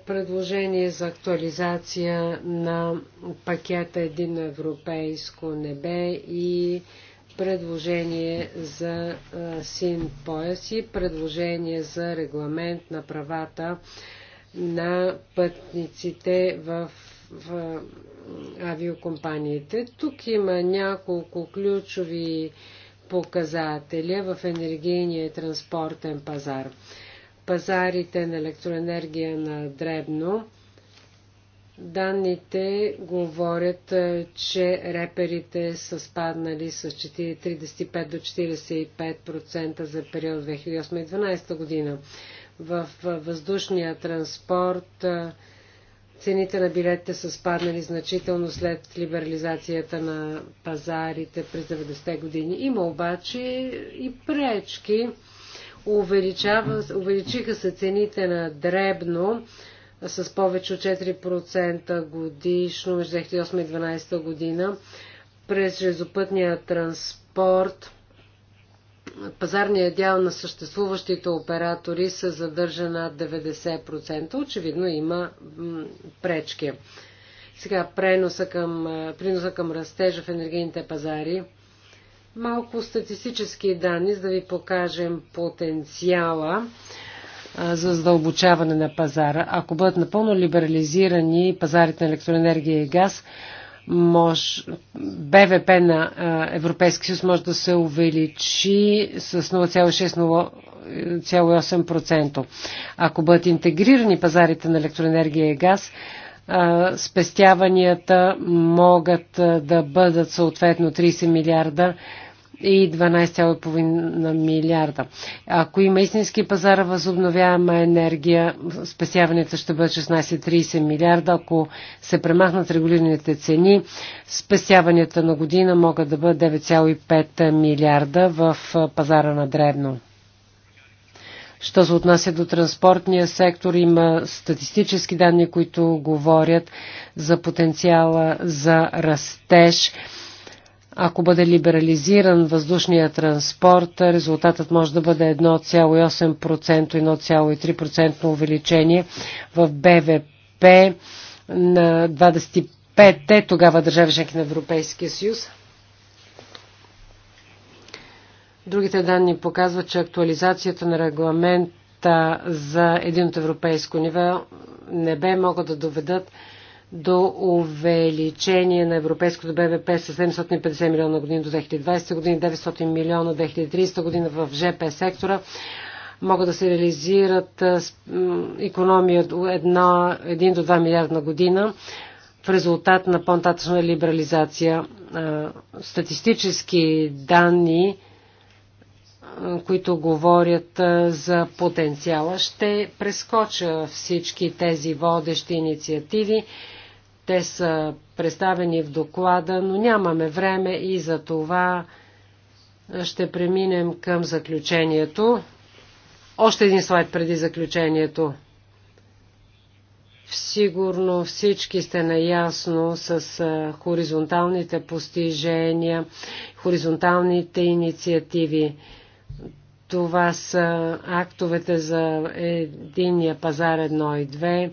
предложение за актуализация на пакета Един европейско небе и предложение за син пояс и предложение за регламент на правата на пътниците в, в авиокомпаниите. Тук има няколко ключови показателя в енергийния и транспортен пазар. Пазарите на електроенергия на дребно. Данните говорят, е, че реперите са спаднали с 35 до 45% за период 2008-2012 година в въздушния транспорт. Цените на билетите са спаднали значително след либерализацията на пазарите през 90-те години. Има обаче и пречки. Увеличава, увеличиха се цените на дребно с повече от 4% годишно между 2008 и 2012 година. През железопътния транспорт пазарния дял на съществуващите оператори се задържа над 90%. Очевидно има пречки. Сега преноса към, приноса към растежа в енергийните пазари. Малко статистически данни, за да ви покажем потенциала за задълбочаване на пазара. Ако бъдат напълно либерализирани пазарите на електроенергия и газ, мож, БВП на Европейския съюз може да се увеличи с 0,6-0,8%. Ако бъдат интегрирани пазарите на електроенергия и газ, спестяванията могат да бъдат съответно 30 милиарда и 12,5 милиарда. Ако има истински пазар възобновяема енергия, спесяванията ще бъдат 16-30 милиарда. Ако се премахнат регулираните цени, спесяванията на година могат да бъдат 9,5 милиарда в пазара на древно. Що се отнася до транспортния сектор, има статистически данни, които говорят за потенциала за растеж ако бъде либерализиран въздушния транспорт, резултатът може да бъде 1,8%-1,3% увеличение в БВП на 25-те тогава държави членки на Европейския съюз. Другите данни показват, че актуализацията на регламента за един от европейско ниво не бе могат да доведат до увеличение на европейското БВП с 750 милиона години до 2020 година, 900 милиона 2030 година в ЖП сектора. Могат да се реализират економии от 1, 1 до 2 милиарда на година в резултат на по-нататъчна либерализация. Статистически данни които говорят за потенциала. Ще прескоча всички тези водещи инициативи те са представени в доклада, но нямаме време и за това ще преминем към заключението. Още един слайд преди заключението. Сигурно всички сте наясно с хоризонталните постижения, хоризонталните инициативи. Това са актовете за единия пазар 1 и 2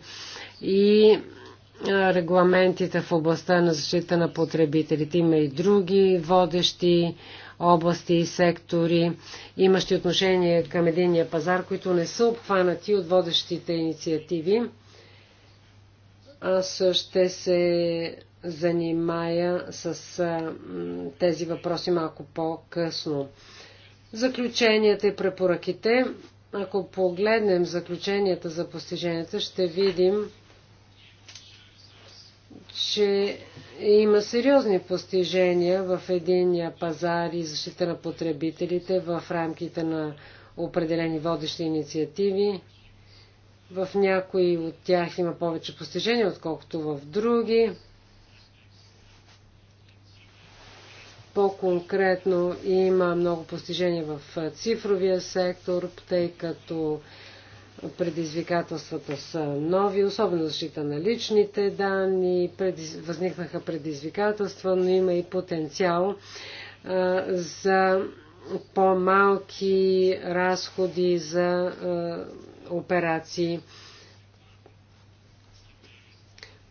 и регламентите в областта на защита на потребителите. Има и други водещи области и сектори, имащи отношение към единия пазар, които не са обхванати от водещите инициативи. Аз ще се занимая с тези въпроси малко по-късно. Заключенията и препоръките. Ако погледнем заключенията за постиженията, ще видим, че има сериозни постижения в единия пазар и защита на потребителите в рамките на определени водещи инициативи. В някои от тях има повече постижения, отколкото в други. По-конкретно има много постижения в цифровия сектор, тъй като Предизвикателствата са нови, особено защита на личните данни, предиз... възникнаха предизвикателства, но има и потенциал а, за по-малки разходи за а, операции.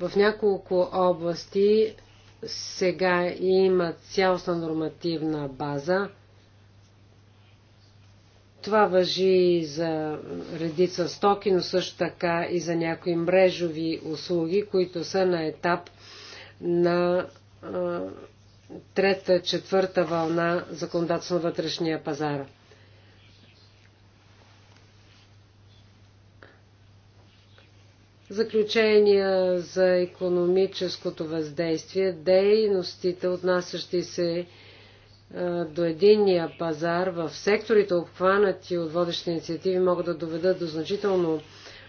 В няколко области сега има цялостна нормативна база – това въжи и за редица стоки, но също така и за някои мрежови услуги, които са на етап на трета, четвърта вълна законодателно вътрешния пазар. Заключения за економическото въздействие, дейностите, отнасящи се до единния пазар в секторите, обхванати от водещи инициативи, могат да доведат до значително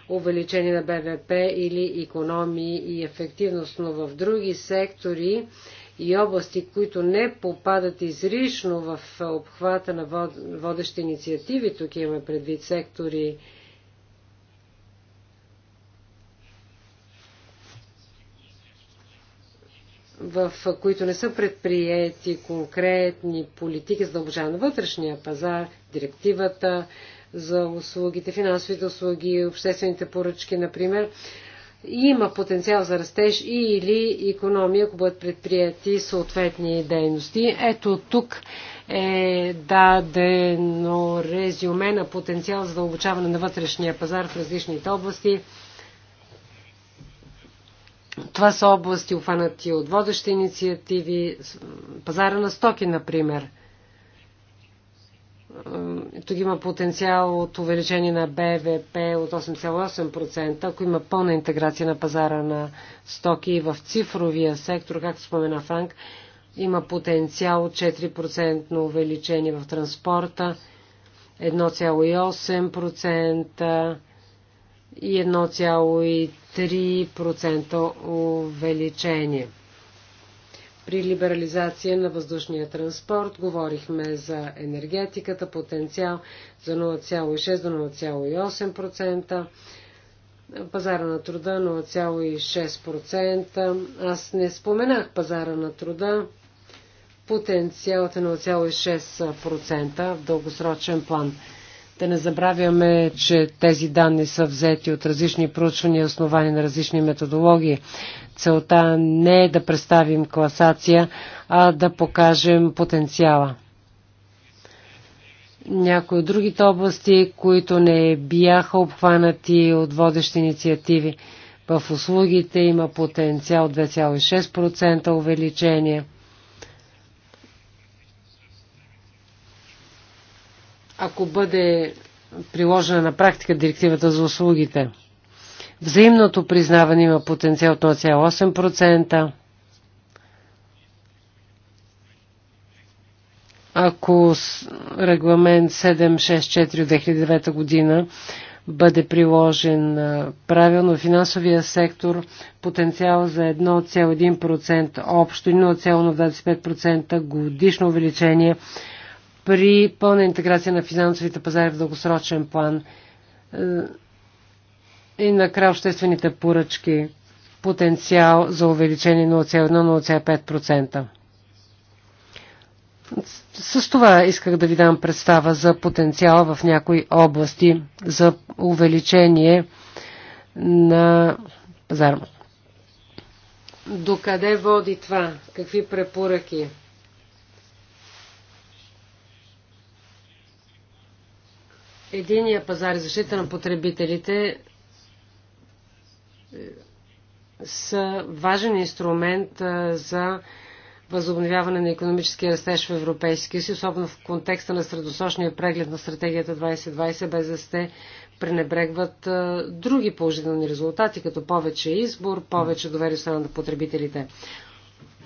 увеличение на БВП или економии и ефективност, но в други сектори и области, които не попадат изрично в обхвата на водещи инициативи, тук имаме предвид сектори, в които не са предприяти конкретни политики за дълбочаване на вътрешния пазар, директивата за услугите, финансовите услуги, обществените поръчки, например, има потенциал за растеж и или економия, ако бъдат предприяти съответни дейности. Ето тук е дадено резюме на потенциал за дълбочаване на вътрешния пазар в различните области това са области, офанати от водещи инициативи, пазара на стоки, например. Тук има потенциал от увеличение на БВП от 8,8%, ако има пълна интеграция на пазара на стоки и в цифровия сектор, както спомена Франк, има потенциал от 4% увеличение в транспорта, 1,8% и 1,3% увеличение. При либерализация на въздушния транспорт говорихме за енергетиката, потенциал за 0,6 0,8%, пазара на труда 0,6%. Аз не споменах пазара на труда, потенциалът е 0,6% в дългосрочен план. Да не забравяме, че тези данни са взети от различни проучвания, основани на различни методологии. Целта не е да представим класация, а да покажем потенциала. Някои от другите области, които не бяха обхванати от водещи инициативи. В услугите има потенциал 2,6% увеличение – ако бъде приложена на практика директивата за услугите. Взаимното признаване има потенциал от 0,8%. Ако регламент 764 от 2009 година бъде приложен правилно в финансовия сектор, потенциал за 1,1% общо и 0,25% годишно увеличение – при пълна интеграция на финансовите пазари в дългосрочен план е, и накрая обществените поръчки потенциал за увеличение 0,1-0,5%. С това исках да ви дам представа за потенциала в някои области за увеличение на пазара. Докъде води това? Какви препоръки? единия пазар и защита на потребителите е, са важен инструмент е, за възобновяване на економическия растеж в Европейския си, особено в контекста на средосрочния преглед на стратегията 2020, без да се пренебрегват е, други положителни резултати, като повече избор, повече доверие на потребителите.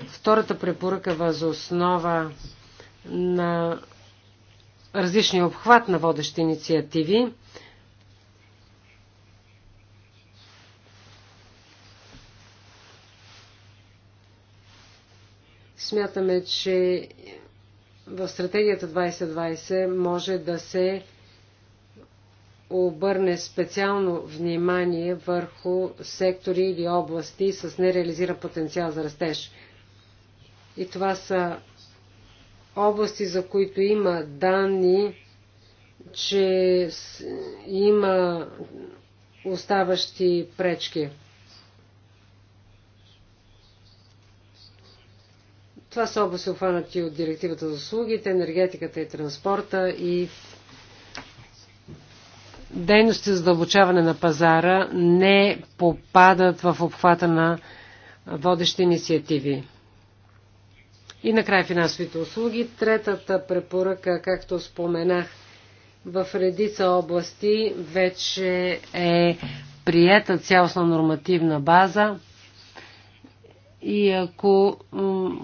Втората препоръка въз основа на различния обхват на водещи инициативи. Смятаме, че в стратегията 2020 може да се обърне специално внимание върху сектори или области с нереализиран потенциал за растеж. И това са области, за които има данни, че има оставащи пречки. Това са области обхванати от директивата за услугите, енергетиката и транспорта и дейности за задълбочаване на пазара не попадат в обхвата на водещи инициативи. И накрая финансовите услуги. Третата препоръка, както споменах, в редица области вече е приета цялостна нормативна база. И ако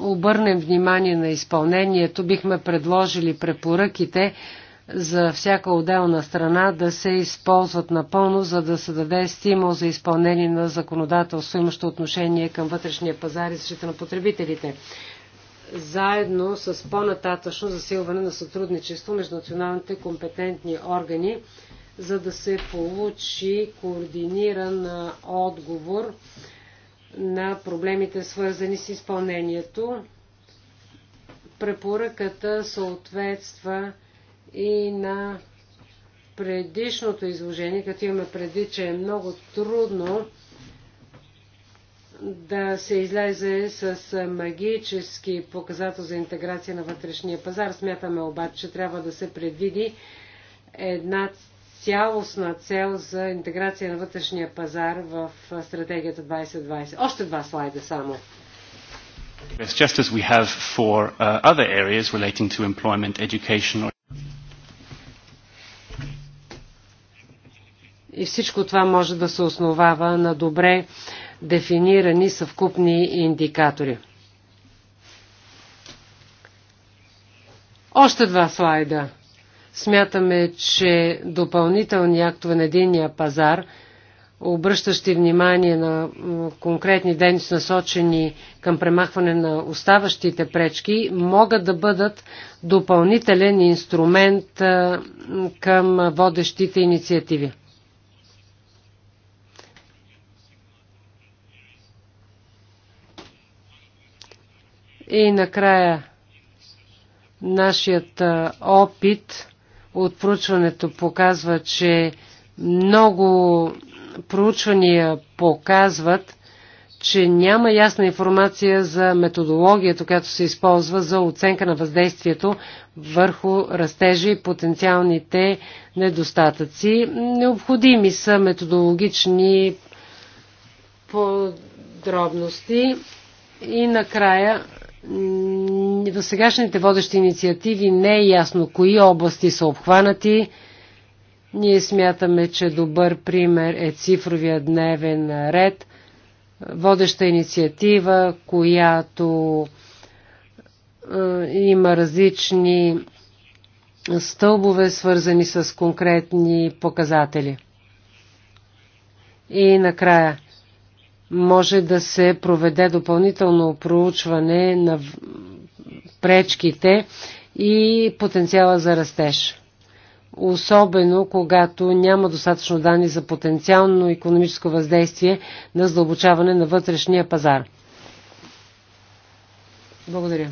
обърнем внимание на изпълнението, бихме предложили препоръките за всяка отделна страна да се използват напълно, за да се даде стимул за изпълнение на законодателство, имащо отношение към вътрешния пазар и защита на потребителите заедно с по-нататъчно засилване на сътрудничество между националните компетентни органи, за да се получи координиран отговор на проблемите, свързани с изпълнението. Препоръката съответства и на предишното изложение, като имаме преди, че е много трудно да се излезе с магически показател за интеграция на вътрешния пазар. Смятаме обаче, че трябва да се предвиди една цялостна цел за интеграция на вътрешния пазар в стратегията 2020. Още два слайда само. Just as we have for uh, other areas relating to employment, education or и всичко това може да се основава на добре дефинирани съвкупни индикатори. Още два слайда. Смятаме, че допълнителни актове на единия пазар, обръщащи внимание на конкретни дейности, насочени към премахване на оставащите пречки, могат да бъдат допълнителен инструмент към водещите инициативи. И накрая нашият опит от проучването показва, че много проучвания показват, че няма ясна информация за методологията, която се използва за оценка на въздействието върху растежа и потенциалните недостатъци. Необходими са методологични подробности. И накрая в сегашните водещи инициативи не е ясно кои области са обхванати. Ние смятаме, че добър пример е цифровия дневен ред, водеща инициатива, която има различни стълбове, свързани с конкретни показатели. И накрая, може да се проведе допълнително проучване на пречките и потенциала за растеж. Особено когато няма достатъчно данни за потенциално економическо въздействие на задълбочаване на вътрешния пазар. Благодаря.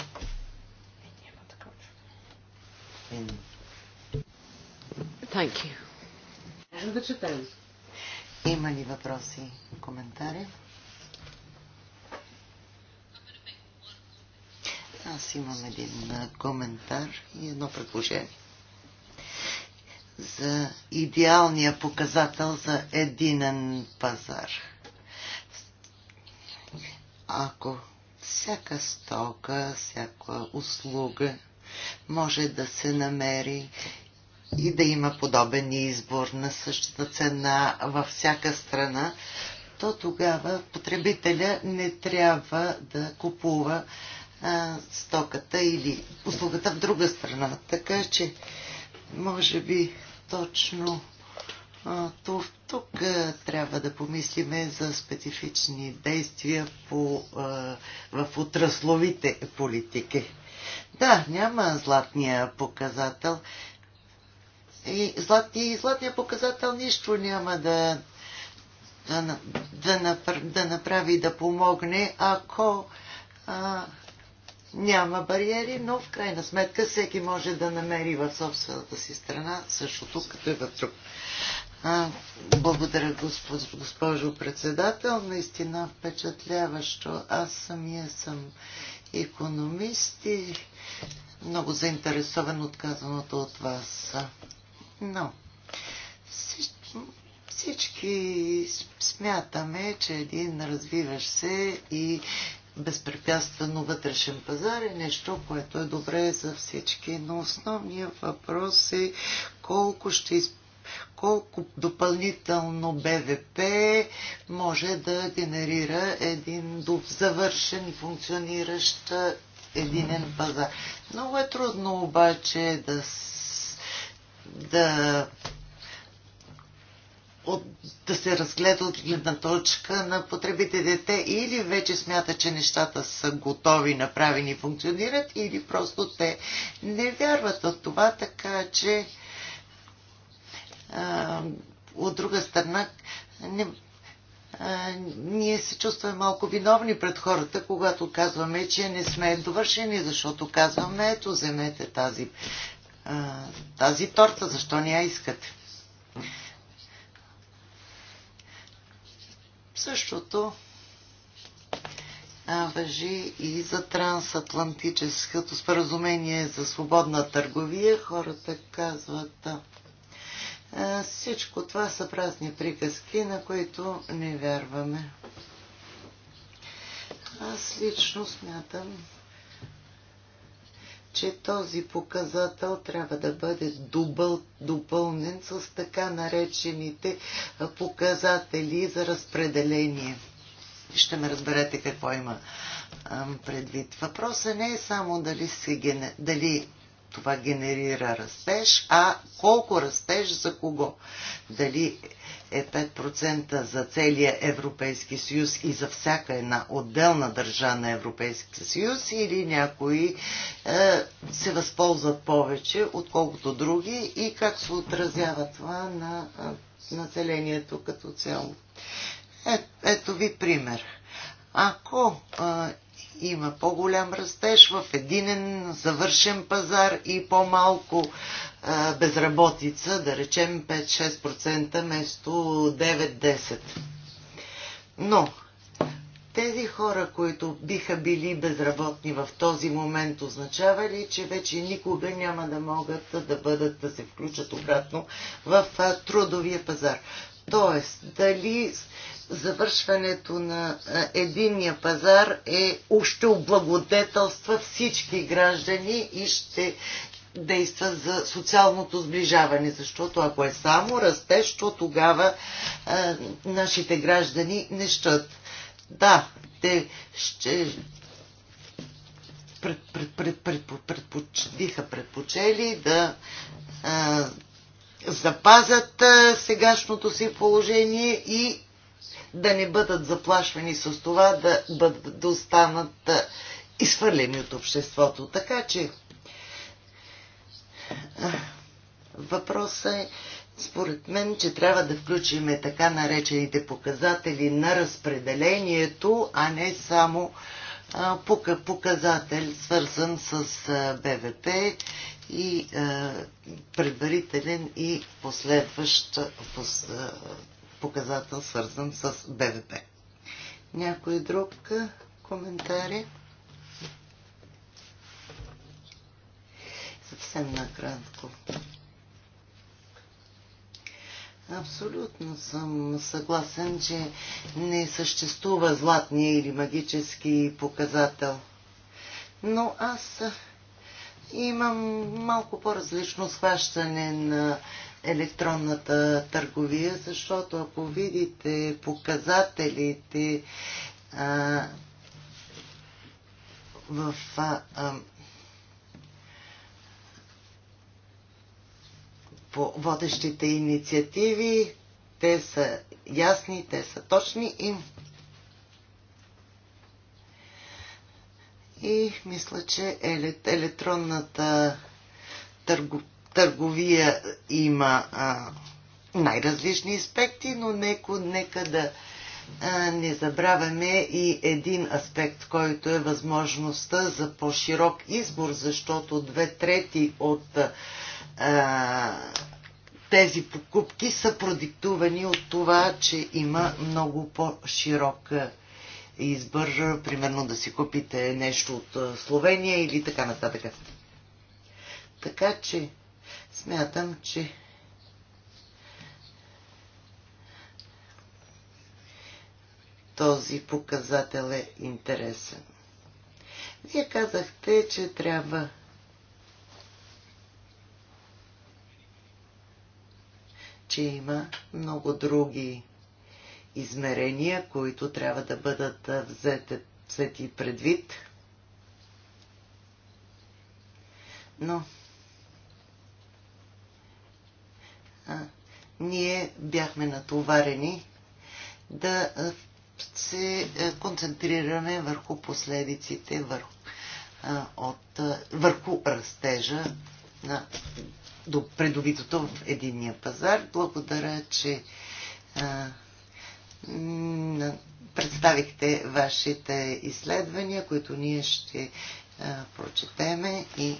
Thank you. да четем. Има ли въпроси, коментари? Аз имам един коментар и едно предложение за идеалния показател за единен пазар. Ако всяка стока, всяка услуга може да се намери и да има подобен избор на същата цена във всяка страна, то тогава потребителя не трябва да купува а, стоката или услугата в друга страна. Така че, може би, точно а, тук, тук а, трябва да помислиме за специфични действия по, а, в отрасловите политики. Да, няма златния показател. И златния, златния показател нищо няма да, да, да, да направи да помогне, ако а, няма бариери, но в крайна сметка всеки може да намери в собствената си страна същото, като и в друг. благодаря, госпожо, госпожо председател. Наистина впечатляващо. Аз самия съм економист и много заинтересован от казаното от вас. Но всички смятаме, че един развиващ се и безпрепятствено вътрешен пазар е нещо, което е добре за всички, но основният въпрос е колко ще изпълнява колко допълнително БВП може да генерира един завършен и функциониращ единен пазар. Много е трудно обаче да, да от, да се разгледа от гледна точка на потребите дете или вече смята, че нещата са готови, направени, функционират или просто те не вярват от това, така че а, от друга страна не, а, ние се чувстваме малко виновни пред хората, когато казваме, че не сме довършени, защото казваме, ето, вземете тази, а, тази торта, защо не я искате. Същото въжи и за трансатлантическото споразумение за свободна търговия. Хората казват, а, всичко това са празни приказки, на които не вярваме. Аз лично смятам, че този показател трябва да бъде добъл, допълнен с така наречените показатели за разпределение. Ще ме разберете какво има предвид. Въпросът не е само дали, си, дали това генерира растеж, а колко растеж за кого? Дали е 5% за целия Европейски съюз и за всяка една отделна държа на Европейския съюз или някои е, се възползват повече, отколкото други и как се отразява това на е, населението като цяло. Е, ето ви пример. Ако е, има по-голям растеж в единен завършен пазар и по-малко безработица, да речем 5-6% вместо 9-10%. Но тези хора, които биха били безработни в този момент, означава ли, че вече никога няма да могат да бъдат, да се включат обратно в трудовия пазар? Тоест, дали завършването на единния пазар е, още облагодетелства всички граждани и ще действа за социалното сближаване, защото ако е само растеж, то тогава а, нашите граждани не щат. Да, те ще пред, пред, пред, пред, биха предпочели да запазят сегашното си положение и да не бъдат заплашвани с това да, бъдат, да останат изхвърлени от обществото. Така че въпросът е според мен, че трябва да включиме така наречените показатели на разпределението, а не само показател свързан с БВП и а, е, предварителен и последващ пос, а, е, показател, свързан с БВП. Някой друг е, коментари? Съвсем накратко. Абсолютно съм съгласен, че не съществува златния или магически показател. Но аз имам малко по-различно схващане на електронната търговия, защото ако видите показателите а, в а, а, по водещите инициативи, те са ясни, те са точни и И мисля, че електронната търговия има най-различни аспекти, но неко, нека да а, не забравяме и един аспект, който е възможността за по-широк избор, защото две трети от а, тези покупки са продиктувани от това, че има много по-широк избор избържа, примерно да си купите нещо от Словения или така нататък. Така че смятам, че този показател е интересен. Вие казахте, че трябва че има много други измерения, които трябва да бъдат взети, взети предвид. Но а, ние бяхме натоварени да се концентрираме върху последиците върху, а, от, а, върху растежа на до предобитото в единния пазар. Благодаря, че а, представихте вашите изследвания, които ние ще прочетеме и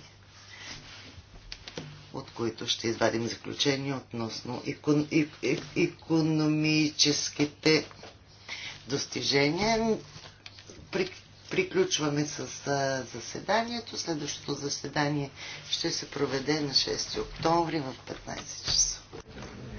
от които ще извадим заключение относно икон, ик, ик, економическите достижения. При, приключваме с а, заседанието. Следващото заседание ще се проведе на 6 октомври в 15 часа.